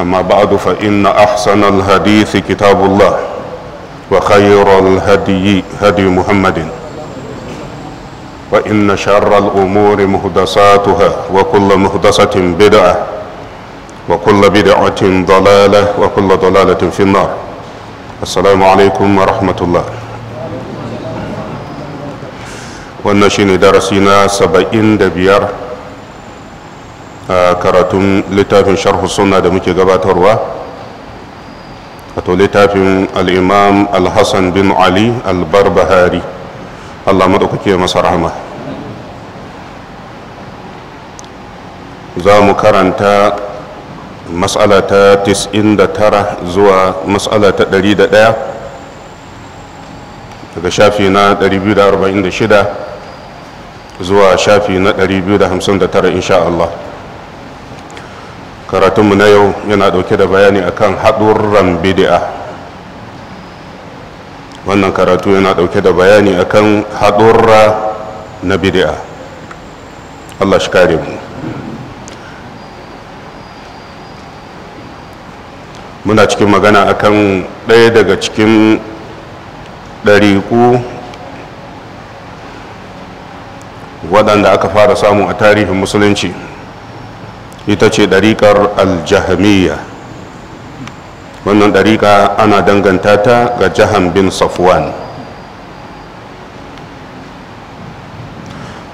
أما بعد فإن أحسن الحديث كتاب الله وخير الهدي هدي محمد وإن شر الأمور مهدساتها وكل مهدسة بدعة وكل بدعة ضلالة وكل ضلالة في النار السلام عليكم ورحمة الله والنشين درسنا سبعين دبيار A karatun littafin sharhu suna da muke gabatarwa wato littafin al'imam al-hassan bin ali al-barbahari allah maɗaukake masa rahama za mu karanta matsala ta 99 zuwa matsala ta 101 daga shafi na 246 zuwa shafi na 259 insha Allah karatunmu na yau yana dauke da bayani akan haɗurran bid'a wannan karatu yana dauke da bayani akan haɗurra na bid'a allah shi kare mu muna cikin magana akan ɗaya daga cikin ɗariƙu waɗanda aka fara samu a tarihin musulunci ita ce ɗariƙar aljahmiya wannan ɗariƙa ana danganta ta ga jahan bin safwan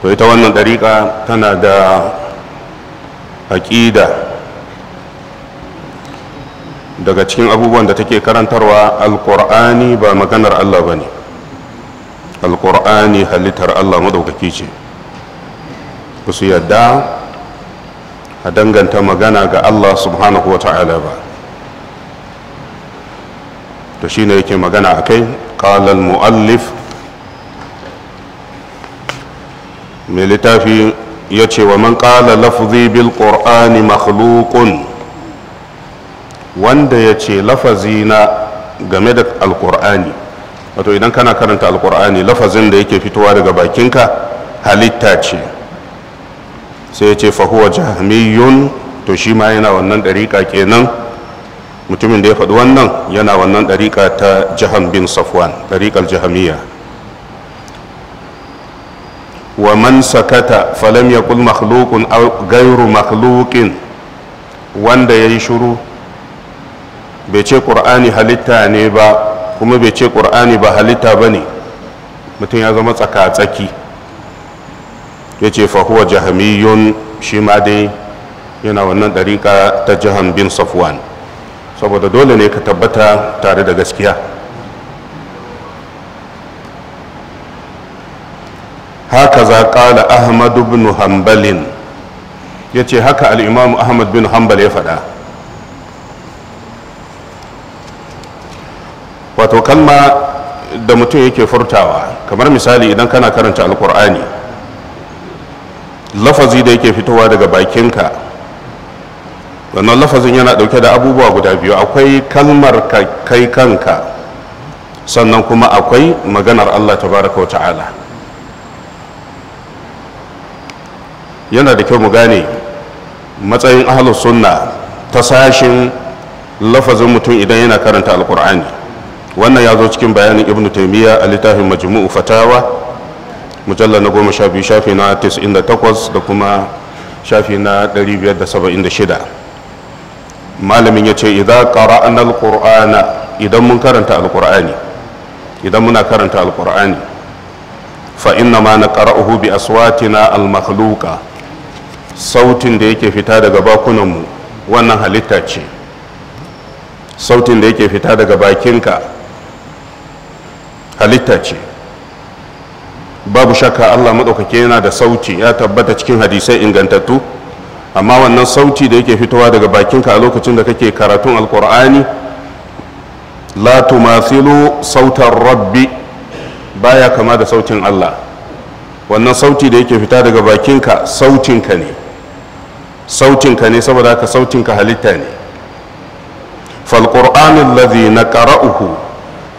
to ita wannan ɗariƙa tana da aƙida daga cikin abubuwan da take karantarwa alƙur'ani ba maganar allah ba ne alƙur'ani halittar allah maɗaukaki ce ku su yadda a danganta magana ga Allah subhanahu wa ta'ala ba to shine yake magana a kai ƙalal mu'allif mai littafi ya ce wa man ƙala lafzi bil ƙor'ani makhlukun wanda ya ce lafazi na game da alƙur'ani wato idan kana karanta alƙur'ani lafazin da yake fitowa daga bakinka halitta ce sai ya ce fahuwa jahamiyun to shi ma yana wannan ɗariƙa kenan mutumin da ya faɗi wannan yana wannan ɗariƙa ta jahan bin safwan ɗariƙar jahamiya wa man sakata falam ya kul makhlukun aw gairu makhlukin wanda ya yi shuru bai ce ƙur'ani halitta ne ba kuma bai ce ƙur'ani ba halitta ba ne mutum ya zama tsaka-tsaki ya ce fahuwa jahamiyun shi ma dai yana wannan ɗariƙa ta jihar bin safwan saboda dole ne ka tabbata tare da gaskiya haka za ƙala ahmad bin hambalin ya ce haka al'imamu ahmad bin hambal ya faɗa wato kalma da mutum yake furtawa kamar misali idan kana karanta alkur'ani lafazi da yake fitowa daga bakinka wannan lafazin yana dauke da abubuwa guda biyu akwai kalmar ka kai kanka sannan kuma akwai maganar allah tabaraka wa ta'ala yana da kyau mu gane matsayin ahalus sunna ta sashin lafazin mutum idan yana karanta alkur'ani wannan ya zo cikin bayanin ibn taimiyya a littafin majmu'u fatawa mujalla na goma sha biyu shafi na 98 da takwas da kuma shafi na biyar da da saba'in shida malamin ya ce idan an alƙur'ana idan mun karanta alƙur'ani idan muna karanta alƙur'ani fa inna ma na uhu bi aswatina almakhluka sautin da yake fita daga bakunanmu wannan halitta ce sautin da yake fita daga bakinka halitta ce babu shakka Allah maɗaukaki yana da sauti ya tabbata cikin hadisai ingantattu amma wannan sauti da yake fitowa daga bakinka a lokacin da kake karatun alkur'ani la tumathilu sautar rabbi baya kama da sautin Allah wannan sauti da yake fita daga bakinka sautinka ne sautinka ne saboda haka sautinka halitta ne falƙur'anin lazi na ƙara'uhu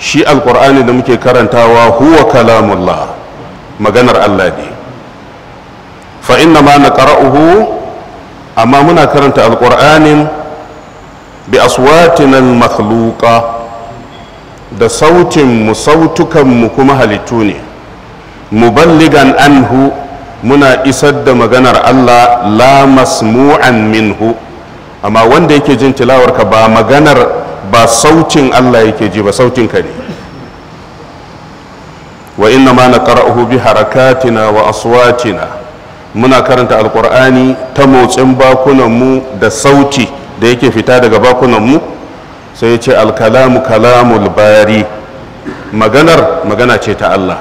shi alkur'ani da muke karantawa huwa kalamullah maganar Allah ne fa inna ma naqra'uhu amma muna karanta alqur'anin bi aswatina al da sautin mu sautukan mu kuma halittu ne muballigan anhu muna isar da maganar Allah la masmu'an minhu amma wanda yake jin tilawarka ba maganar ba sautin Allah yake ji ba sautin ka ne wa inna ma naqra'uhu bi harakatina wa aswatina muna karanta alqur'ani ta motsin bakunan mu da sauti da yake fita daga bakunan mu sai ce alkalamu kalamul bari maganar magana ce ta Allah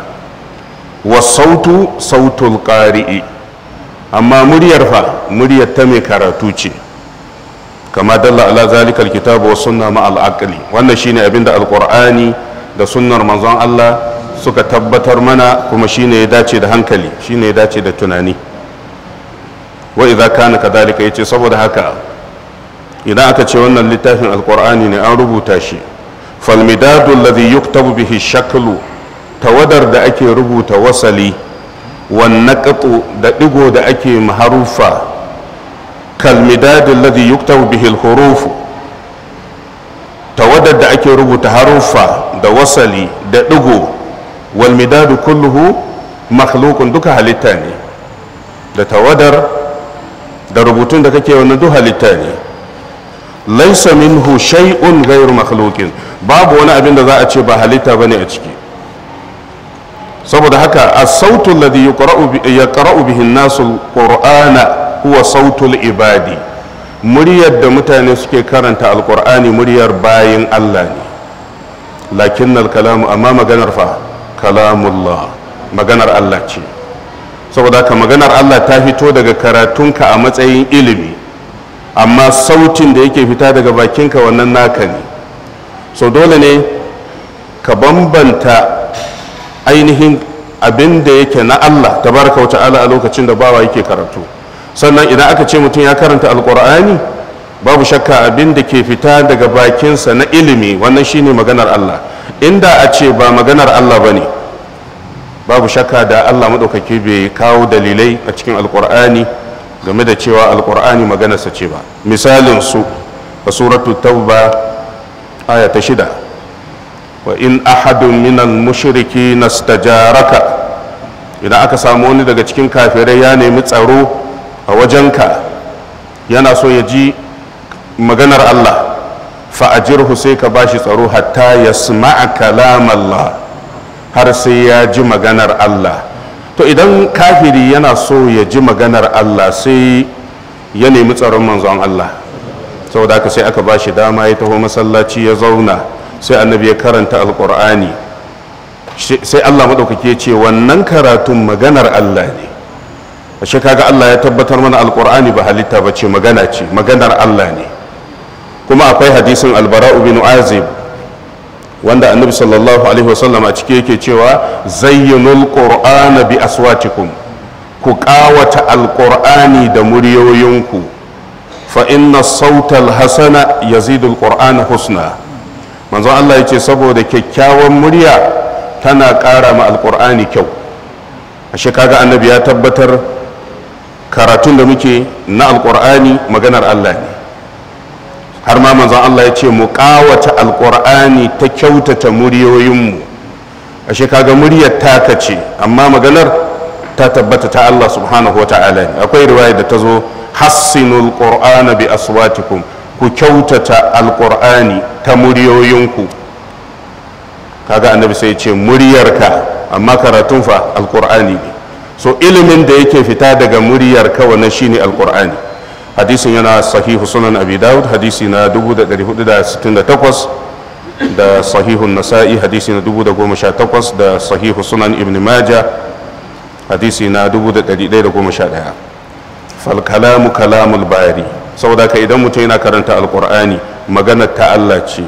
wa sautu sautul qari'i amma muryar fa muryar ta mai karatu ce kama dalla ala zalikal kitabu wa sunna ma al wannan shine abinda alqur'ani da sunnar manzon Allah suka tabbatar mana kuma shi ne ya dace da hankali shi ne ya dace da tunani wa idza kana kadhalika yace saboda haka idan aka ce wannan littafin alqur'ani ne an rubuta shi fal midadu alladhi yuktabu bihi shaklu tawadar da ake rubuta wasali wan naqtu da digo da ake maharufa kal midadu alladhi yuktabu bihi al tawadar da ake rubuta harufa da wasali da digo wal midadu kulluhu makhluqun duka halitta ne da tawadar da rubutun da kake wannan duk halitta ne laisa minhu shay'un ghairu makhluqin babu wani abin da za a ce ba halitta bane a ciki saboda haka as-sautu alladhi yaqra'u bihi an-nasu qurana huwa sautul ibadi muryar da mutane suke karanta alqur'ani muryar bayan Allah ne lakinnal kalamu amma maganar fa kalamullah maganar Allah ce saboda ka maganar Allah ta fito daga karatunka a matsayin ilimi amma sautin da yake fita daga bakinka wannan naka ne so dole ne ka bambanta ainihin abin da yake na Allah tabaraka wata ala a lokacin da bawa yake karatu sannan idan aka ce mutum ya karanta alkur'ani babu shakka abin da ke fita daga bakinsa na ilimi wannan shine maganar Allah inda a ce ba maganar Allah ba ne babu shakka da allah maɗaukaki bai kawo dalilai a cikin alkur'ani game da cewa alkur'ani maganarsa ce ba misalin su a suratu tauba aya ta shida wa in ahadun minan mushriki nastajaraka idan aka samu wani daga cikin kafirai ya nemi tsaro a wajenka yana so ya ji maganar allah fa'ajirhu sai ka bashi tsaro hatta ya sama'a kalamallah har sai ya ji maganar Allah to idan kafiri yana so ya ji maganar Allah sai ya nemi tsaron manzon Allah saboda haka sai aka ba shi dama ya taho masallaci ya zauna sai annabi ya karanta alkur'ani sai Allah maɗaukaki ce wannan karatun maganar Allah ne ashe kaga Allah ya tabbatar mana alkur'ani ba halitta ba ce magana ce maganar Allah ne kuma akwai hadisin albara'u bin azib wanda annabi sallallahu alaihi wasallam a ciki yake cewa zayyinul qur'ana bi aswatikum ku kawata alqur'ani da muryoyinku fa inna sautal Hassana yazidu qur'ana husna manzon Allah yace saboda kyakkyawan murya tana ƙara ma alqur'ani kyau ashe kaga annabi ya tabbatar karatun da muke na alqur'ani maganar Allah ne har ma manzon Allah ya ce mu kawata alqur'ani ta kyautata muryoyinmu ashe kaga muryar taka ce amma maganar ta tabbata ta Allah subhanahu wata'ala akwai riwaya da ta zo hassinul qur'ana bi aswatikum ku kyautata alqur'ani ta muryoyinku kaga annabi sai ya ce muryarka amma karatun fa alqur'ani ne so ilimin da yake fita daga muryarka wannan shine alqur'ani hadisin yana sahihu sunan abi daud hadisi na 1468 da sahihun nasa'i hadisi na 1018 da sahihu sunan ibn maja hadisi na 1111 fal kalamu kalamul bari saboda ka idan mutum yana karanta alkur'ani maganar ta Allah ce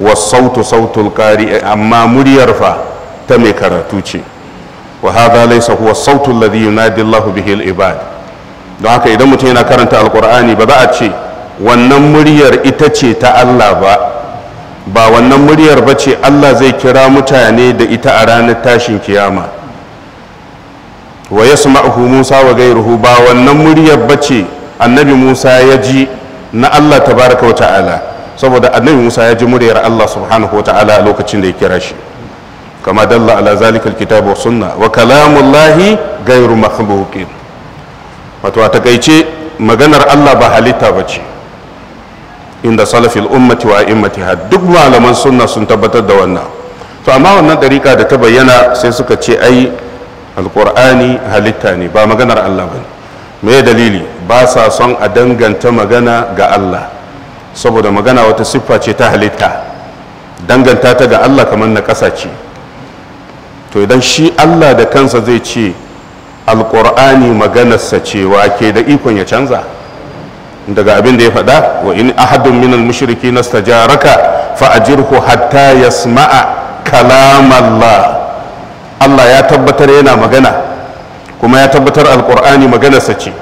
wa sautu sautul qari amma muryar fa ta mai karatu ce wa hadha laysa huwa sautul ladhi yunadi Allahu bihi al ibad don haka idan mutum yana karanta alkur'ani ba za a ce wannan muryar ita ce ta allah ba ba wannan muryar ba ce allah zai kira mutane da ita a ranar tashin kiyama wa ya musa wa gairuhu ba wannan muryar ba ce annabi musa ya ji na allah tabaraka wa ta'ala saboda annabi musa ya ji muryar allah subhanahu wa ta'ala a lokacin da ya kira shi kama dalla ala zalikal kitabu sunna wa kalamullahi gairu makhluqin wato a takaice maganar Allah ba halitta ba ce inda salafil ummati wa ha duk malaman sunna sun tabbatar da wannan to amma wannan dariƙa da ta bayyana sai suka ce ai alkur'ani halitta ne ba maganar Allah ba ne me dalili ba sa son a danganta magana ga Allah saboda magana wata siffa ce ta halitta danganta ta ga Allah kamar na ƙasa ce to idan shi Allah da kansa zai ce alƙur'ani maganarsa cewa ke da ikon ya canza daga abin da ya faɗa wa in ahadun minal mushriki nastajaraka fa ajirhu hatta yasma'a kalamallah Allah ya tabbatar yana magana kuma ya tabbatar alƙur'ani maganarsa ce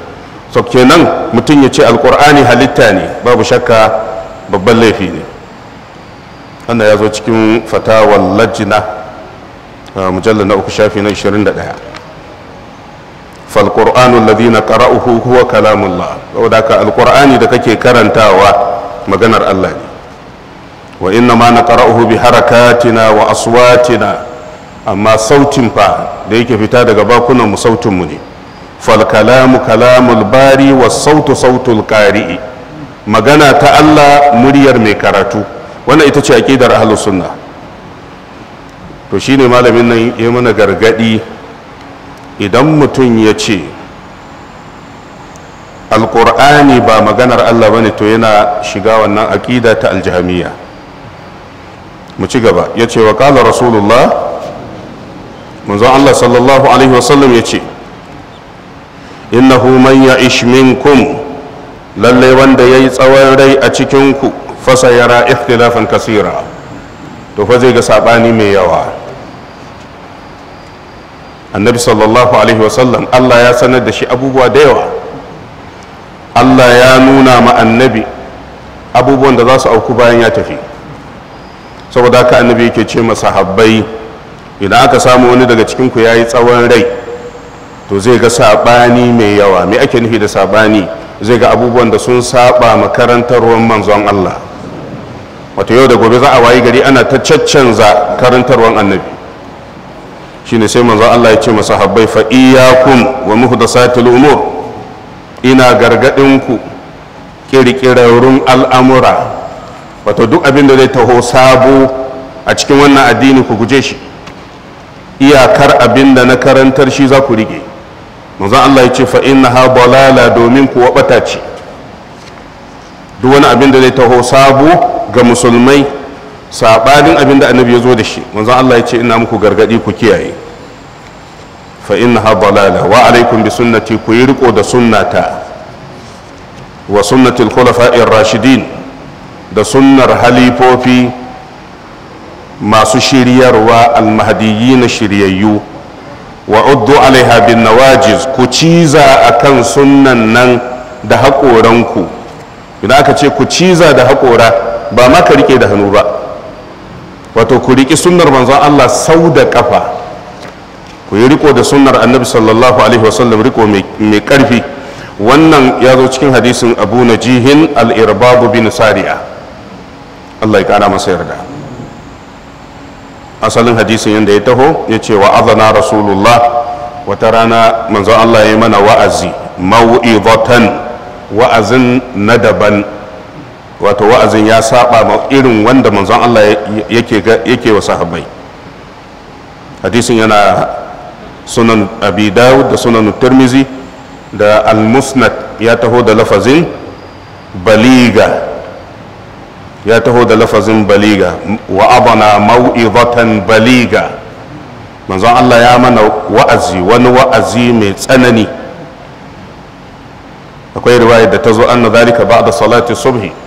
so kenan mutum ya ce alƙur'ani halitta ne babu shakka babban laifi ne wannan ya zo cikin fatawar lajina mujallar na uku shafi na 21 فالقرآن الذين قرأه هو كلام الله وذاك القرآن دكك كرنتاوا مغنر الله وإنما نقرأه بحركاتنا وأصواتنا أما صوت فا ديك فتا دغباكنا مصوت مني فالكلام كلام الباري والصوت صوت القارئ مغنى تألا مرير ميكاراتو وانا itace aqidar ahlus sunna to shine malamin nan ya mana gargadi idan mutum ya ce alkur'ani ba maganar allah bane to yana shiga wannan aƙida ta aljihamiya mu ci gaba ya ce wa ƙala rasulullah manzon allah sallallahu alaihi wasallam ya ce innahu man ya minkum lallai wanda ya yi tsawon rai a cikinku fasa yara ikhtilafan kasira to fa zai ga saɓani mai yawa annabi sallallahu alaihi wasallam allah ya sanar da shi abubuwa da yawa allah ya nuna ma annabi abubuwan da za su auku bayan ya tafi saboda haka annabi yake ce masa habbai idan aka samu wani daga cikinku ya yi tsawon rai to zai ga sabani mai yawa me ake nufi da sabani zai ga abubuwan da sun saba makarantarwar manzon allah wato yau da gobe za a wayi gari ana ta caccanza karantarwar annabi shine sai manzon Allah ya ce masahabbai fa iyyakum wa muhdasatil umur ina gargadin ku kirkirarrun al'amura wato duk abin da zai taho sabo a cikin wannan addini ku guje shi iyakar abin da na karantar shi za ku rige manzon Allah ya ce fa innaha balala domin ku wabata ce duk wani abin da zai taho sabo ga musulmai sabanin abin da annabi ya zo da shi manzo Allah ya ce ina muku gargadi ku kiyaye fa ha dalala wa alaikum bi sunnati ku yi riko da sunnata wa sunnatul ar rashidin da sunnar halifofi masu shiryarwa al na shiryayyu wa uddu alaiha bin nawajiz ku ciza akan sunnan nan da haƙoranku idan aka ce ku ciza da haƙora ba ma ka rike da hannu ba wato ku riƙi sunnar manzon Allah sau da ƙafa ku yi riko da sunnar annabi sallallahu alaihi wasallam riƙo mai ƙarfi wannan ya zo cikin hadisin abu na jihin al'irbabu bin sari'a Allah ya ƙara masa yarda asalin hadisin yadda ya taho ya ce wa azana rasulullah wata rana manzon Allah ya yi mana wa'azi mau'izatan wa'azin na daban wato wa'azin ya saba ma irin wanda manzon Allah yake wa sahabbai hadisin yana sunan abi dawud da sunan tirmizi da al-musnad ya taho da lafazin baliga ya taho da lafazin baliga wa abana mau'izatan baliga manzon Allah ya mana wa'azi wani wa'azi mai tsanani akwai riwaya da ta zo anna zalika ba'da salati subhi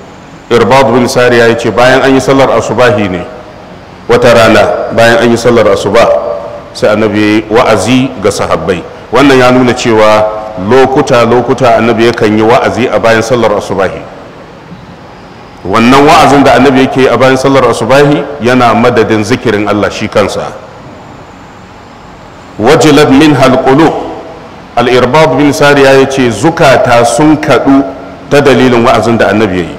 irbad bin sariya ya ce bayan an yi sallar asubahi ne wata rana bayan an yi sallar asuba sai annabi wa'azi ga sahabbai wannan ya nuna cewa lokuta lokuta annabi yakan yi wa'azi a bayan sallar asubahi wannan wa'azin da annabi yake a bayan sallar asubahi yana madadin zikirin Allah shi kansa wajilat min halkulu al-irbad bin sariya yace zukata sun kaɗu ta dalilin wa'azin da annabi yayi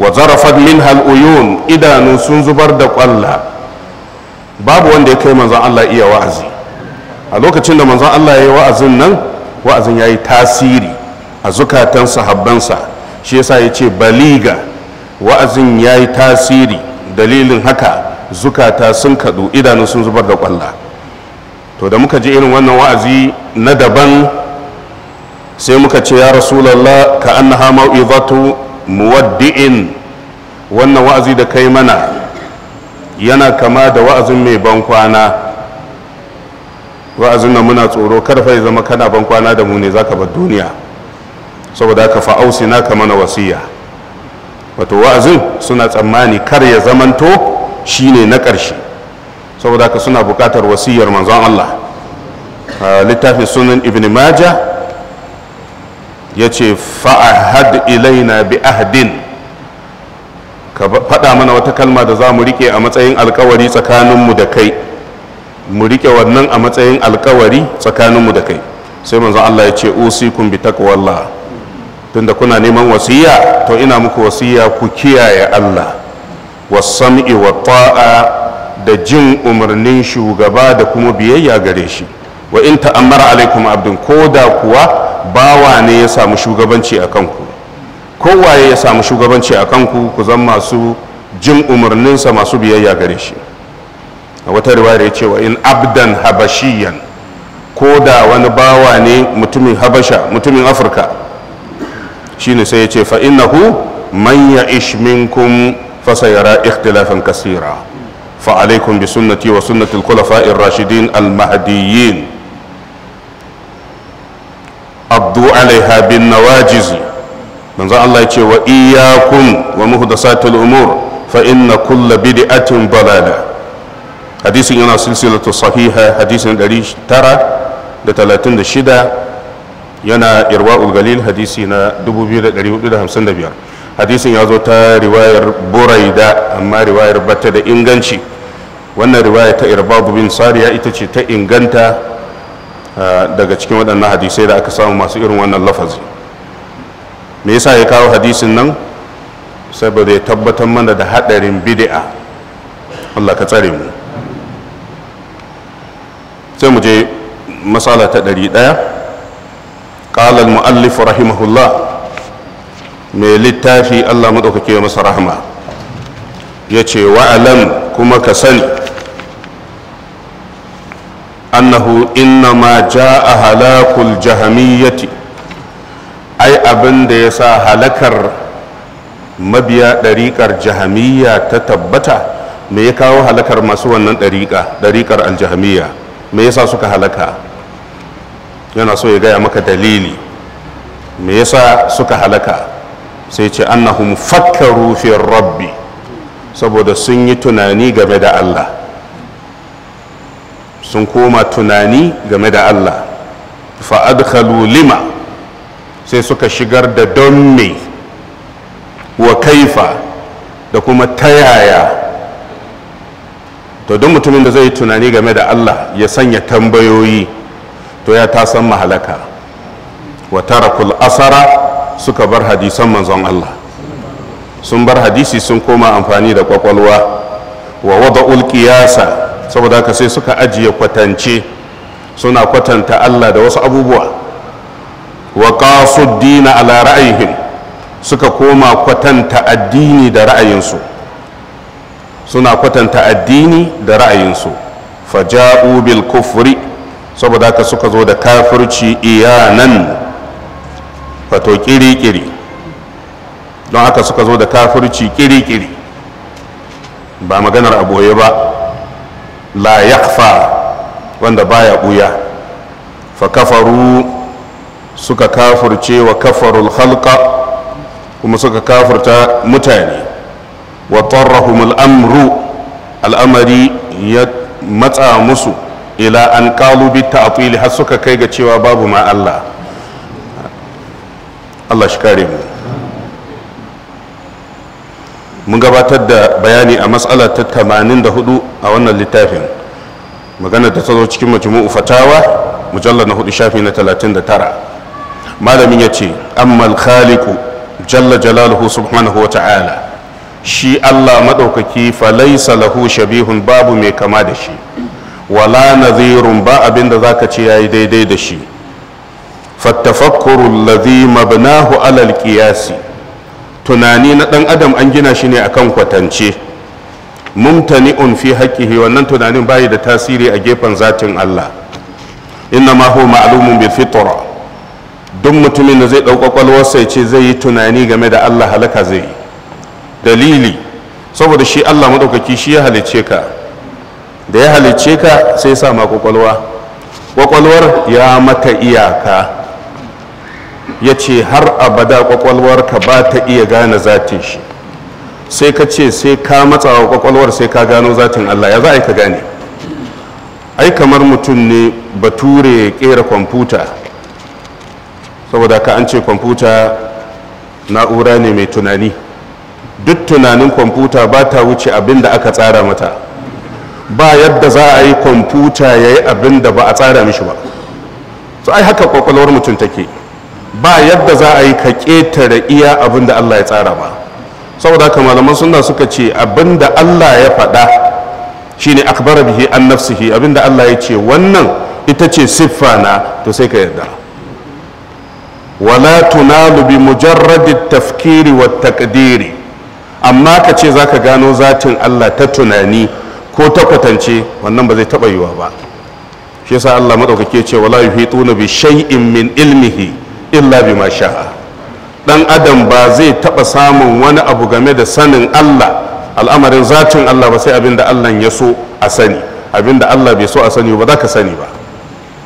wa zarafat min hal'uyun idanun sun zubar da kwalla babu wanda ya kai manzan Allah iya wa'azi a lokacin da manzon Allah ya yi wa'azin nan wa'azin ya yi tasiri a zukatan sahabbansa shi yasa ya ce baliga wa'azin ya yi tasiri dalilin haka zukata sun kadu idanu sun zubar da kwalla to da muka ji irin wannan wa'azi na daban sai muka ce ya rasulallah ka annaha mau'izatu muwaddi'in wannan wa'azi da kai mana yana kama da wa'azin mai bankwana wa'azin nan muna tsoro karfa ya zama kana bankwana da mu ne za ka bar duniya saboda ka fa'ausi na ka mana wasiya wato wa'azin suna tsammani kar ya zamanto shine na ƙarshe saboda ka suna buƙatar wasiyar manzon Allah littafin sunan ibn majah ya ce fa'ahad ilaina bi ahdin ka faɗa mana wata kalma da za mu rike a matsayin alkawari tsakaninmu da kai mu rike wannan a matsayin alkawari tsakaninmu da kai sai manzan Allah ya ce usikum bi taqwallah tunda kuna neman wasiya to ina muku wasiya ku kiyaye Allah wasam'i wa ta'a da jin umarnin shugaba da kuma biyayya gare shi wa in ta'ammara alaikum abdun ko da kuwa bawa ne ya samu shugabanci a kanku kowaye ya samu shugabanci a kanku ku zan masu jin umarninsa masu biyayya gare shi a wata riwayar ya ce wa in abdan habashiyan ko da wani bawa ne mutumin habasha mutumin afirka shine sai ya ce fa innahu man ya ish fasayara ikhtilafin kasira fa alaikum bi sunnati wa sunnatul al-khulafa rashidin al-mahdiyyin abdu alaiha bin nawajizi manzo Allah ce wa iyyakum wa muhdasatul umur fa inna kulla bid'atin balala hadisin yana silsilatu sahiha hadisin 936 yana irwaul galil hadisi na 2455 hadisin ya zo ta riwayar buraida amma riwayar bata da inganci wannan riwaya ta irbadu bin sariya ita ce ta inganta daga cikin waɗannan hadisai da aka samu masu irin wannan lafazi me yasa ya kawo hadisin nan saboda ya tabbatar mana da haɗarin bid'a Allah ka tsare mu sai mu je masala ta ɗari ɗaya ƙalar mu'allif rahimahullah mai littafi Allah maɗaukake masa rahama ya ce wa'alam kuma ka sani annahu innama a halakul jahamiyyati ai abin da ya sa halakar mabiya ɗariƙar jahamiyya ta tabbata me ya kawo halakar masu wannan ɗariƙa ɗariƙar aljahamiyya me yasa suka halaka yana so ya gaya maka dalili me yasa suka halaka sai ce annahum fakka fi rabbi saboda sun yi tunani game da Allah sun koma tunani game da Allah fa'adkhalu lima sai suka shigar da don me wa kaifa da kuma ta yaya to don mutumin da zai yi tunani game da Allah ya sanya tambayoyi to ya ta san mahalaka wa tarakul asara suka bar hadisan manzon Allah sun bar hadisi sun koma amfani da kwakwalwa wa wada'ul qiyasa saboda haka sai suka ajiye kwatance suna kwatanta Allah da wasu abubuwa wa dina ala ra'ayihim suka koma kwatanta addini da ra'ayinsu suna kwatanta addini da ra'ayinsu faja'u bil kufri saboda haka suka zo da kafirci iyanan fato kiri don haka suka zo da kafirci kiri ba maganar aboye ba la yakfa wanda baya buya fa kafaru suka kafurce wa kafarul halka kuma suka kafurta mutane wa tarrahum amru al'amari ya matsa musu ila an kalubita bi har suka kai ga cewa babu ma Allah Allah shi kare mu mun gabatar da bayani a matsala ta 84 a wannan littafin magana da ta zo cikin majmu'u fatawa mujallar na hudu shafi na 39 malamin ya ce ammal khaliqu jalla jalaluhu subhanahu wa ta'ala shi Allah maɗaukaki falaisa lahu shabihun babu mai kama da shi wala nazirun ba abinda zaka ce yayi daidai da shi fattafakkuru lazi mabnahu alal qiyasi tunani na ɗan adam an gina shi ne akan kwatance un fi haqqihi wannan tunanin bayi da tasiri a gefen zatin Allah inna ma huwa ma'lumun bil fitra duk mutumin da zai ɗauka kwalwarsa ya ce zai yi tunani game da Allah halaka zai yi dalili saboda shi Allah maɗaukaki shi ya halicce ka da ya halicce ka sai sa ma kwakwalwa Ƙwaƙwalwar ya mata iyaka ya ce har abada kwakwalwar ka ba ta iya gane zatin shi sai ka ce sai ka matsawa kwakwalwar sai ka gano zatin allah ya za a yi ka gane ai kamar mutum ne bature ya kera kwamfuta saboda ka an ce kwamfuta na'ura ne mai tunani duk tunanin kwamfuta ba ta wuce abin da aka tsara mata ba yadda za a yi kwamfuta ya yi abin da ba a tsara mishi ba so ai haka kwakwalwar mutum take ba yadda za a yi ka ƙetare iya abin da Allah ya tsara ba saboda haka malaman suna suka ce abin da Allah ya faɗa shine akbara bihi an nafsihi abin da Allah ya ce wannan ita ce siffa na to sai ka yarda wala tunalu bi mujarradi tafkiri wa takdiri amma ka ce za ka gano zatin Allah ta tunani ko ta kwatance wannan ba zai taɓa yiwa ba shi yasa Allah madaukake ce wala na bi shay'in min ilmihi illa bi sha'a dan adam ba zai taba samun wani abu game da sanin Allah al'amarin zatin Allah ba sai abin da Allah ya so a sani abin da Allah bai so a sani ba za ka sani ba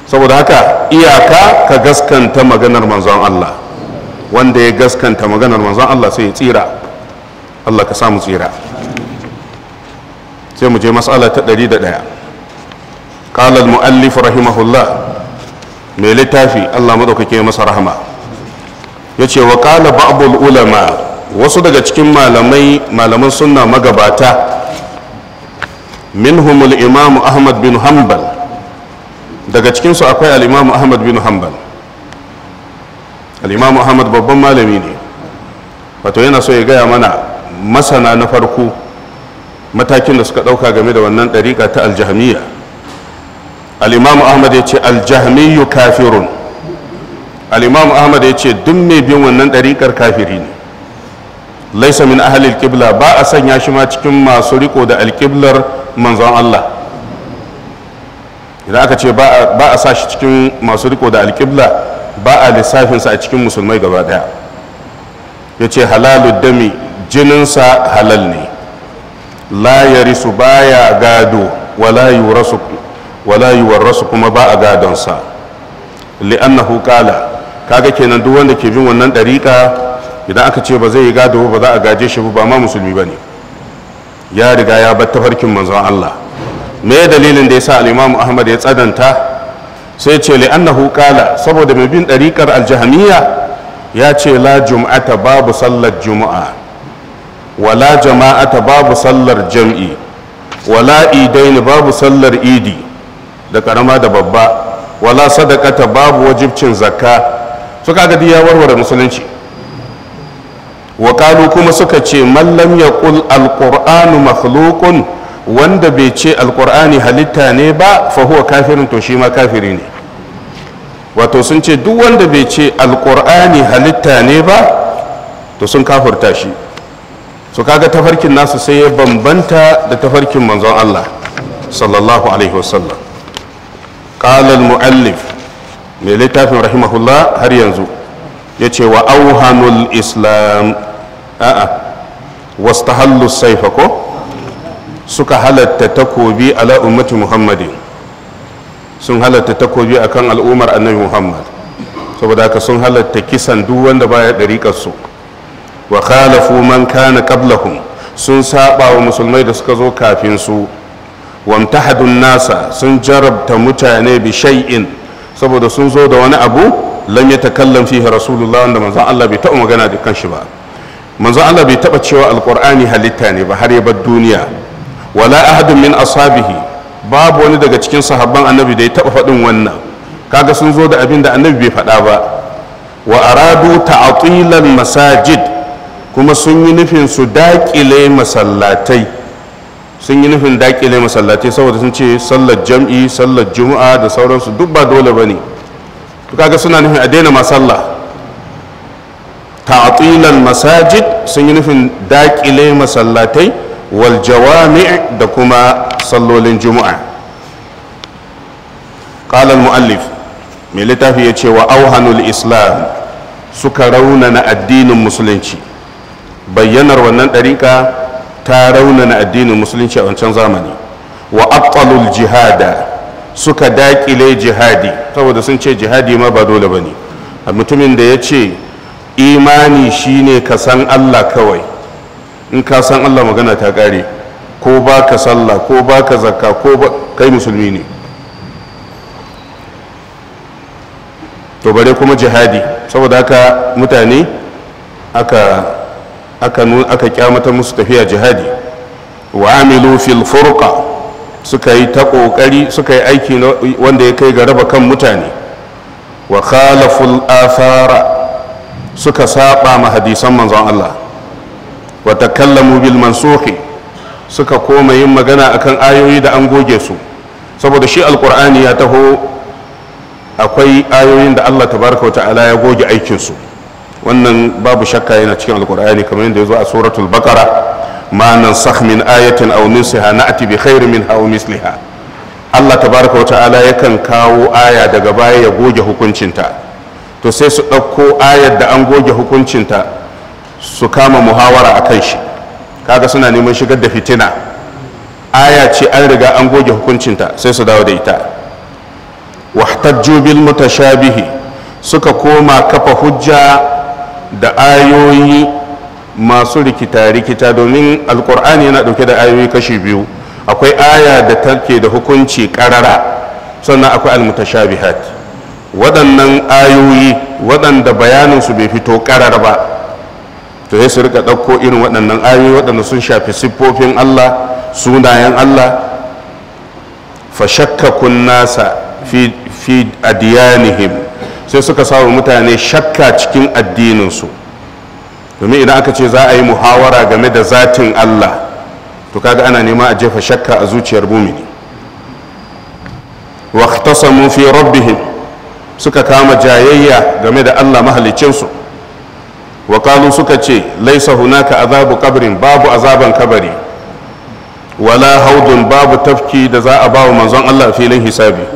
saboda haka iyaka ka gaskanta maganar manzon Allah wanda ya gaskanta maganar manzon Allah sai ya tsira Allah ka samu tsira sai mu je mas'ala ta 101 قال المؤلف رحمه الله mai littafi allah madaukake masa rahama ya ce wa ƙala ba'abul ulama wasu daga cikin malamai malaman sunna magabata al-imam ahmad bin hanbal daga cikinsu akwai al'imamu ahmad bin hanbal al'imamu ahmad babban malami ne wato yana so ya gaya mana masana na farko matakin da suka ɗauka game da wannan ɗariƙa ta al-jahmiyyah al'imamu ahmad ya ce aljahmiyu kafirun al'imamu ahmad ya ce duk mai bin wannan ɗariƙar kafiri ne laisa min ahalil kibla ba a sanya shi ma cikin masu riko da alkiblar manzon allah idan aka ce ba a sa shi cikin masu riko da alkibla ba a lissafinsa a cikin musulmai gaba ɗaya ya ce halalu dami jininsa halal ne la ya risu baya gado wala yurasu wala yuwarrasu kuma ba a gadon sa li'annahu qala kaga kenan duk wanda ke bin wannan dariƙa idan aka ce ba zai yi gado ba za a gaje shi ba ma musulmi ba ne ya riga ya bar tafarkin manzon Allah me dalilin da yasa al-Imam Ahmad ya tsadanta sai ce li'annahu qala saboda mai bin dariƙar al-Jahmiyya ya ce la jum'ata babu sallar jumu'a wala jama'ata babu sallar jam'i wala idaini babu sallar idi da karama da babba wala sadaqata babu wajibcin zakka suka ga ya warware musulunci wa kuma suka ce mallam ya kul alqur'anu makhluqun wanda bai ce alqur'ani halitta ne ba fa huwa kafirin to shi ma kafiri ne wato sun ce duk wanda bai ce alqur'ani halitta ne ba to sun kafurta shi su kaga tafarkin nasu sai ya bambanta da tafarkin manzon Allah sallallahu alaihi wasallam ƙalar mu'allif mai littafin rahimahullah har yanzu yace ce wa auhanul islam a'a wasu tahallus saifa ko suka halatta takobi ala ummati muhammadin sun halatta takobi akan al'ummar annabi muhammad saboda haka sun halatta kisan duk wanda baya ɗariƙarsu wa khalafu man kana qablahum sun saba wa musulmai da suka zo kafin su wamtahadun nasa sun jarabta mutane bi shay'in saboda sun zo da wani abu lam ya takallam fihi rasulullah wanda manzon Allah bai taɓa magana da kanshi ba manzon Allah bai taɓa cewa alqur'ani halitta ne ba har ya bar duniya wala ahadun min ashabihi babu wani daga cikin sahabban annabi da ya taɓa faɗin wannan kaga sun zo da abin da annabi bai faɗa ba wa aradu ta'atilan masajid kuma sun yi nufin su daƙile masallatai sun yi nufin dakile masallatai saboda sun ce sallar jam'i sallar juma'a da sauransu duk ba dole ba ne kaga suna nufin a daina masallah ta'atilan masajid sun yi nufin dakile masallatai wal jawami' da kuma sallolin juma'a qala muallif mai littafi ya ce wa auhanul islam suka raunana addinin musulunci bayyanar wannan ɗariƙa ta raunana addinin musulunci a wancan zamani wa abtalul jihada suka dakile jihadi saboda sun ce jihadi ma ba dole ba ne a mutumin da ya ce imani shine ka san allah kawai in ka san allah magana ta kare ko ba ka sallah ko ba ka zakka ko kai musulmi ne to bare kuma jihadi saboda haka mutane aka aka aka kyamata musu tafiya jihadi wa amilu fil furqa suka yi ta kokari suka yi aiki wanda ya kai ga raba kan mutane wa khalaful athara suka saba ma hadisan manzon Allah wa takallamu bil mansuhi suka koma yin magana akan ayoyi da an goge su saboda shi alqur'ani ya taho akwai ayoyin da Allah tabaraka wa ta'ala ya goge aikin su. wannan babu shakka yana cikin alkur'ani kamar yadda ya zo a suratul bakara ma nan min ayatin aw nusiha na'ti bi khairin min aw misliha Allah tabaraka wa ta'ala yakan kawo aya daga baya ya goge hukuncinta to sai su ɗauko ayar da an goge hukuncinta su kama muhawara a kan shi kaga suna neman shigar da fitina aya ce an riga an goge hukuncinta sai su dawo da ita wahtajju bil mutashabihi suka koma kafa hujja da ayoyi masu rikita-rikita domin alkur'ani yana dauke da ayoyi kashi biyu akwai aya da take da hukunci karara sannan akwai almutashabihat waɗannan ayoyi waɗanda bayaninsu bai fito karar ba to sai su rika ɗauko irin waɗannan ayoyi waɗanda sun shafi siffofin allah sunayen allah fa shakka nasa fi adiyanihim sai suka samu mutane shakka cikin addininsu domin idan aka ce za a yi muhawara game da zatin allah to kaga ana nema a jefa shakka a zuciyar mumini waktasamu fi rabbihim suka kama jayayya game da allah mahalicinsu wakalu suka ce laisa hunaka azabu kabrin babu azaban kabari wala haudun babu tafki da za a bawa manzon allah filin hisabi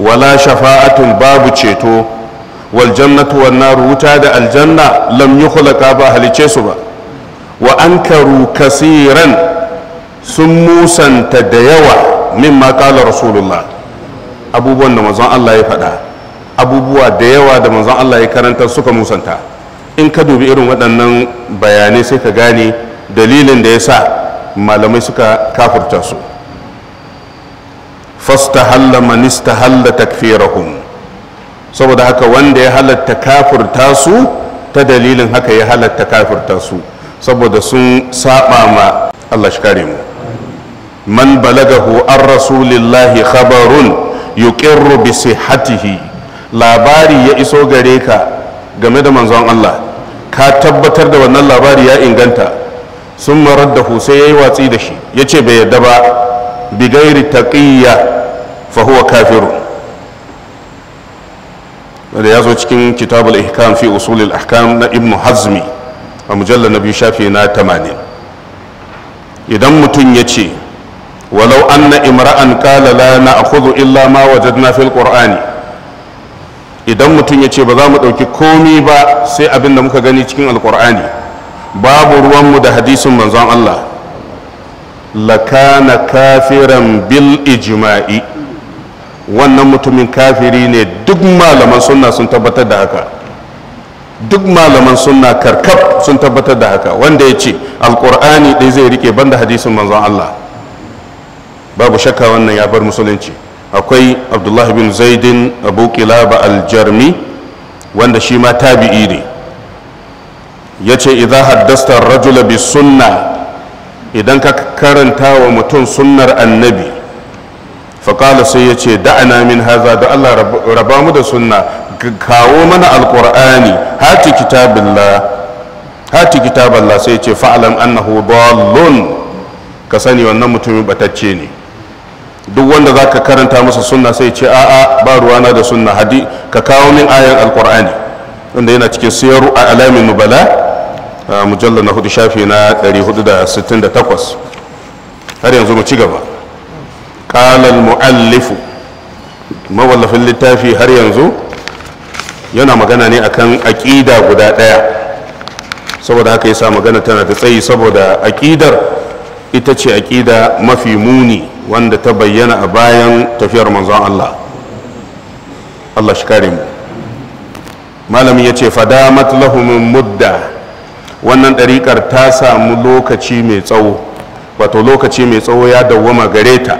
wala shafa'atun babu ceto wal jannatu wan naru wuta da aljanna lam yukhlaqa ba halice su ba wa ankaru kasiran sun musanta da yawa mimma qala rasulullah abubuwan da manzon Allah ya faɗa abubuwa da yawa da manzon Allah ya karanta suka musanta in ka dubi irin waɗannan bayanai sai ka gane dalilin da ya sa malamai suka kafurta su fastahalla man istahalla takfirahum saboda haka wanda ya halatta kafirta su ta dalilin haka ya halatta kafirta su saboda sun saba ma Allah shi kare mu man balagahu an rasulillahi khabarun yuqirru bi sihhatihi labari ya iso gare ka game da manzon Allah ka tabbatar da wannan labari ya inganta sun marar da sai ya yi watsi da shi ya ce bai yadda ba bigairi taqiyya fa kafiru ya zo cikin kitabul ihkam fi usulil ahkam na ibnu hazmi a mujallar na biyu shafi na tamanin idan mutum ya ce walau anna imra'an qala la na'khudhu illa ma wajadna fil qur'ani idan mutum ya ce ba za mu ɗauki komi ba sai abin da muka gani cikin alkur'ani babu ruwanmu da hadisin manzon Allah lakana kafiran bil ijma'i wannan mutumin kafiri ne duk malaman sunna sun tabbatar da haka duk malaman sunna karkab sun tabbatar da haka wanda ya ce alkur'ani ɗaya zai rike banda hadisin manzon Allah babu shakka wannan ya bar musulunci akwai abdullahi bin zaidin abu kilaba aljarmi wanda shi ma tabi'i ne ya ce idza haddasta rajula bi sunna idan ka karanta wa mutum sunnar annabi faƙala sai ya ce da'ana min haza da allah raba mu da sunna kawo mana alƙur'ani hati kitabillah hati kitaballah sai ce fa'alam annahu dallun ka sani wannan mutumin batacce ne duk wanda za ka karanta masa sunna sai ce a'a ba ruwana da sunna hadi ka kawo min ayan alƙur'ani wanda yana cikin siyaru a alamin nubala mujallar na hudu shafi na 468 har yanzu mu ci gaba ƙalal mu'allifu mawallafin littafi har yanzu yana magana ne akan aƙida guda ɗaya saboda haka yasa magana tana da tsayi saboda aƙidar ita ce aƙida mafi muni wanda ta bayyana a bayan tafiyar manzon Allah Allah shi kare mu malamin ya ce fadamat lahumin mudda wannan ɗariƙar ta samu lokaci mai tsawo wato lokaci mai tsawo ya dawwama gare ta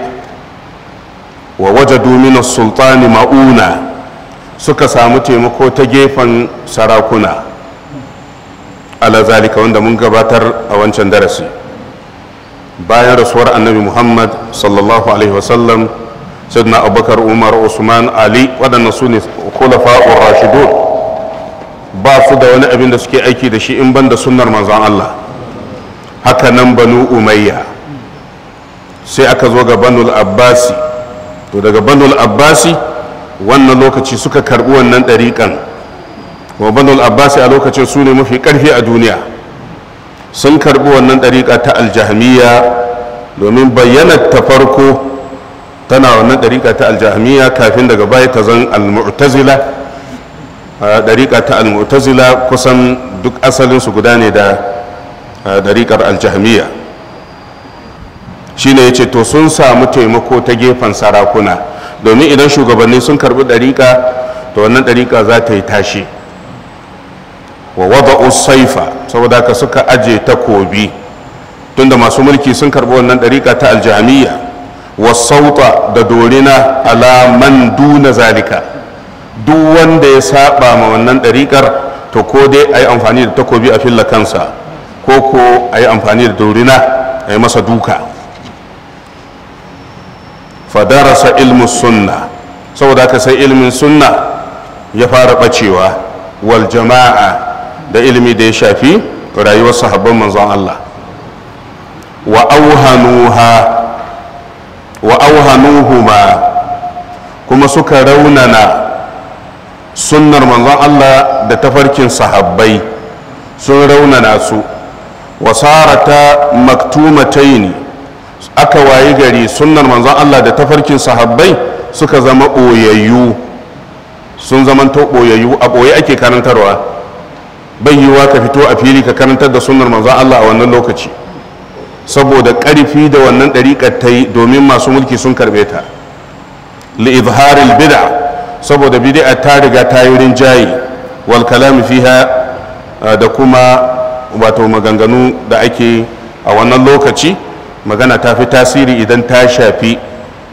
wa waje min sultani ma'una suka samu taimako ta gefen sarakuna ala zalika wanda mun gabatar a wancan darasi bayan rasuwar annabi muhammad sallallahu alaihi wasallam sidna abubakar umar usman ali waɗannan su ne kulafa'ur rashidun ba su da wani abin da suke aiki da shi in ban da sunnar manzon allah haka nan banu umayya sai aka zo ga banul abbasi to daga banul abbasi wannan lokaci suka karbi wannan ɗariƙan wa banul abbasi a lokacin su ne mafi ƙarfi a duniya sun karbi wannan ɗariƙa ta aljahmiya domin bayyana ta farko tana wannan ɗariƙa ta aljahmiya kafin daga baya ta zan almutazila ɗariƙa ta al kusan duk asalinsu guda ne da ɗariƙar aljahmiya shine ya ce to sun samu taimako ta gefen sarakuna domin idan shugabanni sun karbi ɗariƙa to wannan ɗariƙa za ta yi tashi wa wada saifa saboda ka suka aje takobi tunda masu mulki sun karbi wannan ɗariƙa ta aljamiya wa sauta da dorina alaman duna zalika duk wanda ya saba ma wannan ɗariƙar to ko dai a yi amfani da takobi a filla kansa ko ko a yi amfani da dorina a yi masa duka fadarasa ilmu sunna saboda ka sai ilmin sunna ya fara bacewa wal jama'a da ilmi da ya shafi rayuwar sahabban manzon Allah wa auhanuhuma kuma suka raunana sunnar manzon Allah da tafarkin sahabbai sun raunana su wasarata maktumataini aka wayi gari sunnar manzon Allah da tafarkin sahabbai suka zama ɓoyayyu sun zama to ɓoyayyu a ɓoye ake karantarwa bai yiwuwa ka fito a fili ka karantar da sunnar manzon Allah a wannan lokaci saboda ƙarfi da wannan ɗariƙar ta yi domin masu mulki sun karɓe ta li'izharil bid'a saboda bid'a ta riga ta yi jayi wal kalam fiha eh, da kuma wato maganganu da ake a wannan lokaci magana ta fi tasiri idan ta shafi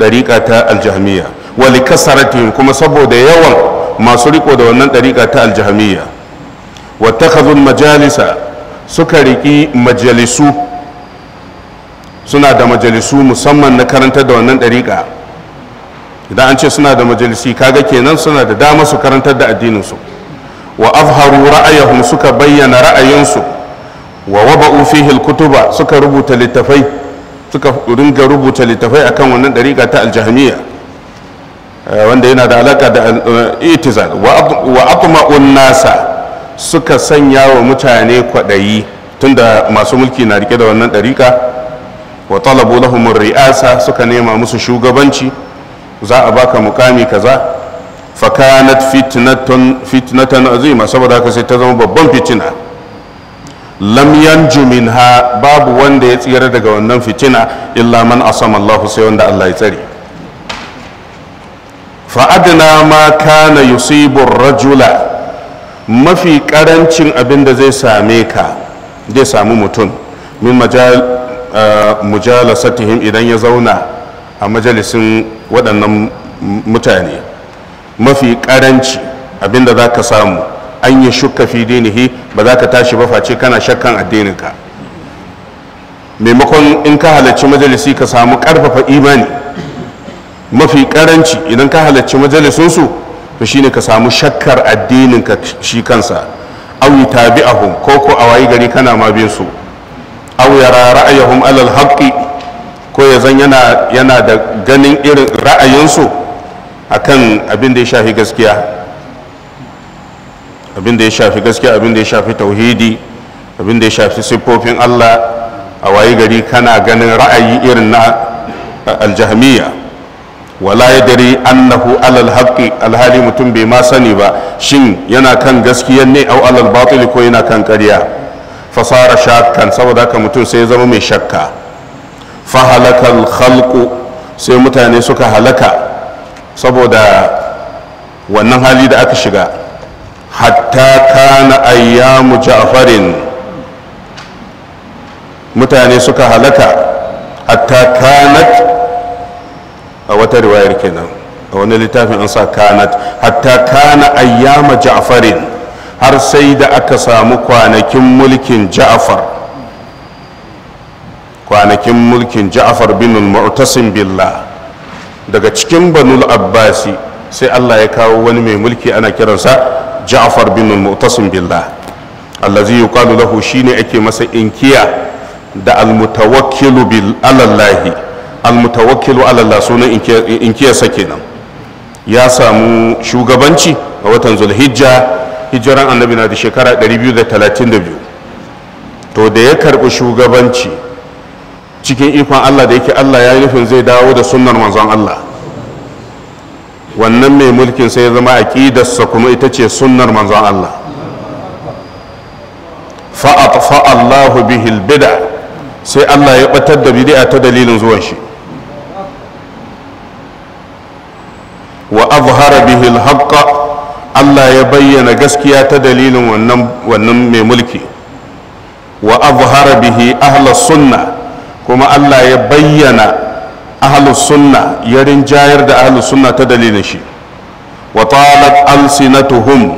ɗariƙa ta aljihamiya wali kasaratihim kuma saboda yawan masu riko da wannan ɗariƙa ta wata wattakhadhul majalisa suka riki majalisu suna da majalisu musamman na karanta da wannan ɗariƙa idan an ce suna da majalisi kaga kenan suna da dama su karanta da addininsu wa afharu ra'ayahum suka bayyana ra'ayinsu wa waba'u fihi kutuba suka rubuta littafai suka ringa rubuta littafai akan wannan dariƙa ta aljahmiya eh, wanda yana da alaka da eh, itizal wa atma'un nasa suka sanya wa mutane kwaɗayi tunda masu mulki na rike da wannan dariƙa wa talabu lahum ri'asa suka nema musu shugabanci za a baka mukami kaza fakanat fitnatan fitnatan azima saboda haka sai ta zama babban fitina lam yanju minha babu wanda ya tsira daga wannan fitina illa man asama Allah sai wanda Allah ya tsare fa adna ma kana yusibu rajula mafi karancin abin da zai same ka zai samu mutum min eh, mujalasatihim idan ya zauna a majalisin waɗannan mutane mafi karanci abin da za ka samu an yi shukka fi dinihi ba za ka tashi ba face kana shakkan addininka maimakon in ka halarci majalisi ka samu karfafa imani mafi karanci idan ka halarci majalisinsu to shine ka samu shakkar addininka shi kansa aw tabi'ahum ko ko a wayi gari kana ma bin su aw yara ra'ayuhum alal haqqi ko ya zan yana yana da ganin irin ra'ayinsu akan abin da ya shafi gaskiya abin da ya shafi gaskiya abin da ya shafi tauhidi abin da ya shafi siffofin Allah a wayi gari kana ganin ra'ayi irin na aljahmiya wala ya dare annahu alal haqqi alhali mutum bai ma sani ba shin yana kan gaskiya ne au alal batil ko yana kan ƙarya fasara shakkan saboda haka mutum sai zama mai shakka fahalakal khalqu sai mutane suka halaka saboda wannan hali da aka shiga hatta kana ayyamu ja'farin mutane suka halaka hatta kanat a wata riwayar kenan a wani littafin an sa kanat hatta kana ayyama ja'farin har sai da aka samu kwanakin mulkin ja'far kwanakin mulkin ja'far bin mu'tasim billah daga cikin banul abbasi sai allah ya kawo wani mai mulki ana kiransa ja'far bin mutasim billah allazi yuqalu lahu shine ake masa inkiya da almutawakkilu mutawakkilu bil alallahi al alallah suna inkiya sa nan ya samu shugabanci a watan zulhijja hijiran annabi na da shekara 232 to da ya karbi shugabanci cikin ikon Allah da yake Allah ya yi nufin zai dawo da sunnar manzon Allah wannan mai mulkin sai ya zama aƙidarsa kuma ita ce sunnar manzon Allah fa atfa Allahu bid'a sai Allah ya batar da bid'a ta dalilin zuwan shi wa azhara bihi Allah ya bayyana gaskiya ta dalilin wannan wannan mai mulki wa azhara bihi ahla sunna kuma Allah ya bayyana ahlus sunna ya rinjayar da ahlus sunna ta dalilin shi wa talat alsinatuhum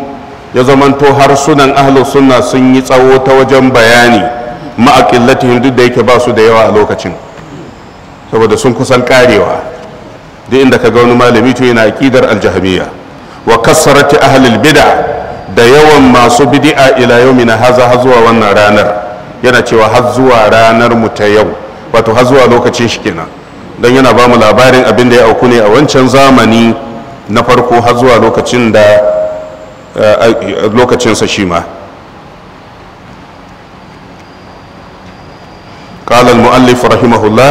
ya zamanto harsunan ahlus sunna sun yi tsawo ta wajen bayani ma'aƙillatihim duk da yake ba su da yawa a lokacin saboda sun kusan karewa duk inda ka ga wani malami to yana aqidar aljahmiya wa kasarati ahlul bid'a da yawan masu bid'a ila yaumina haza har zuwa wannan ranar yana cewa har zuwa ranar mu ta yau wato har zuwa lokacin shi kenan don yana ba mu labarin abin da ya auku ne a wancan zamani na farko har zuwa lokacin da eh, lokacinsa shi ma ƙalar mu'allif rahimahullah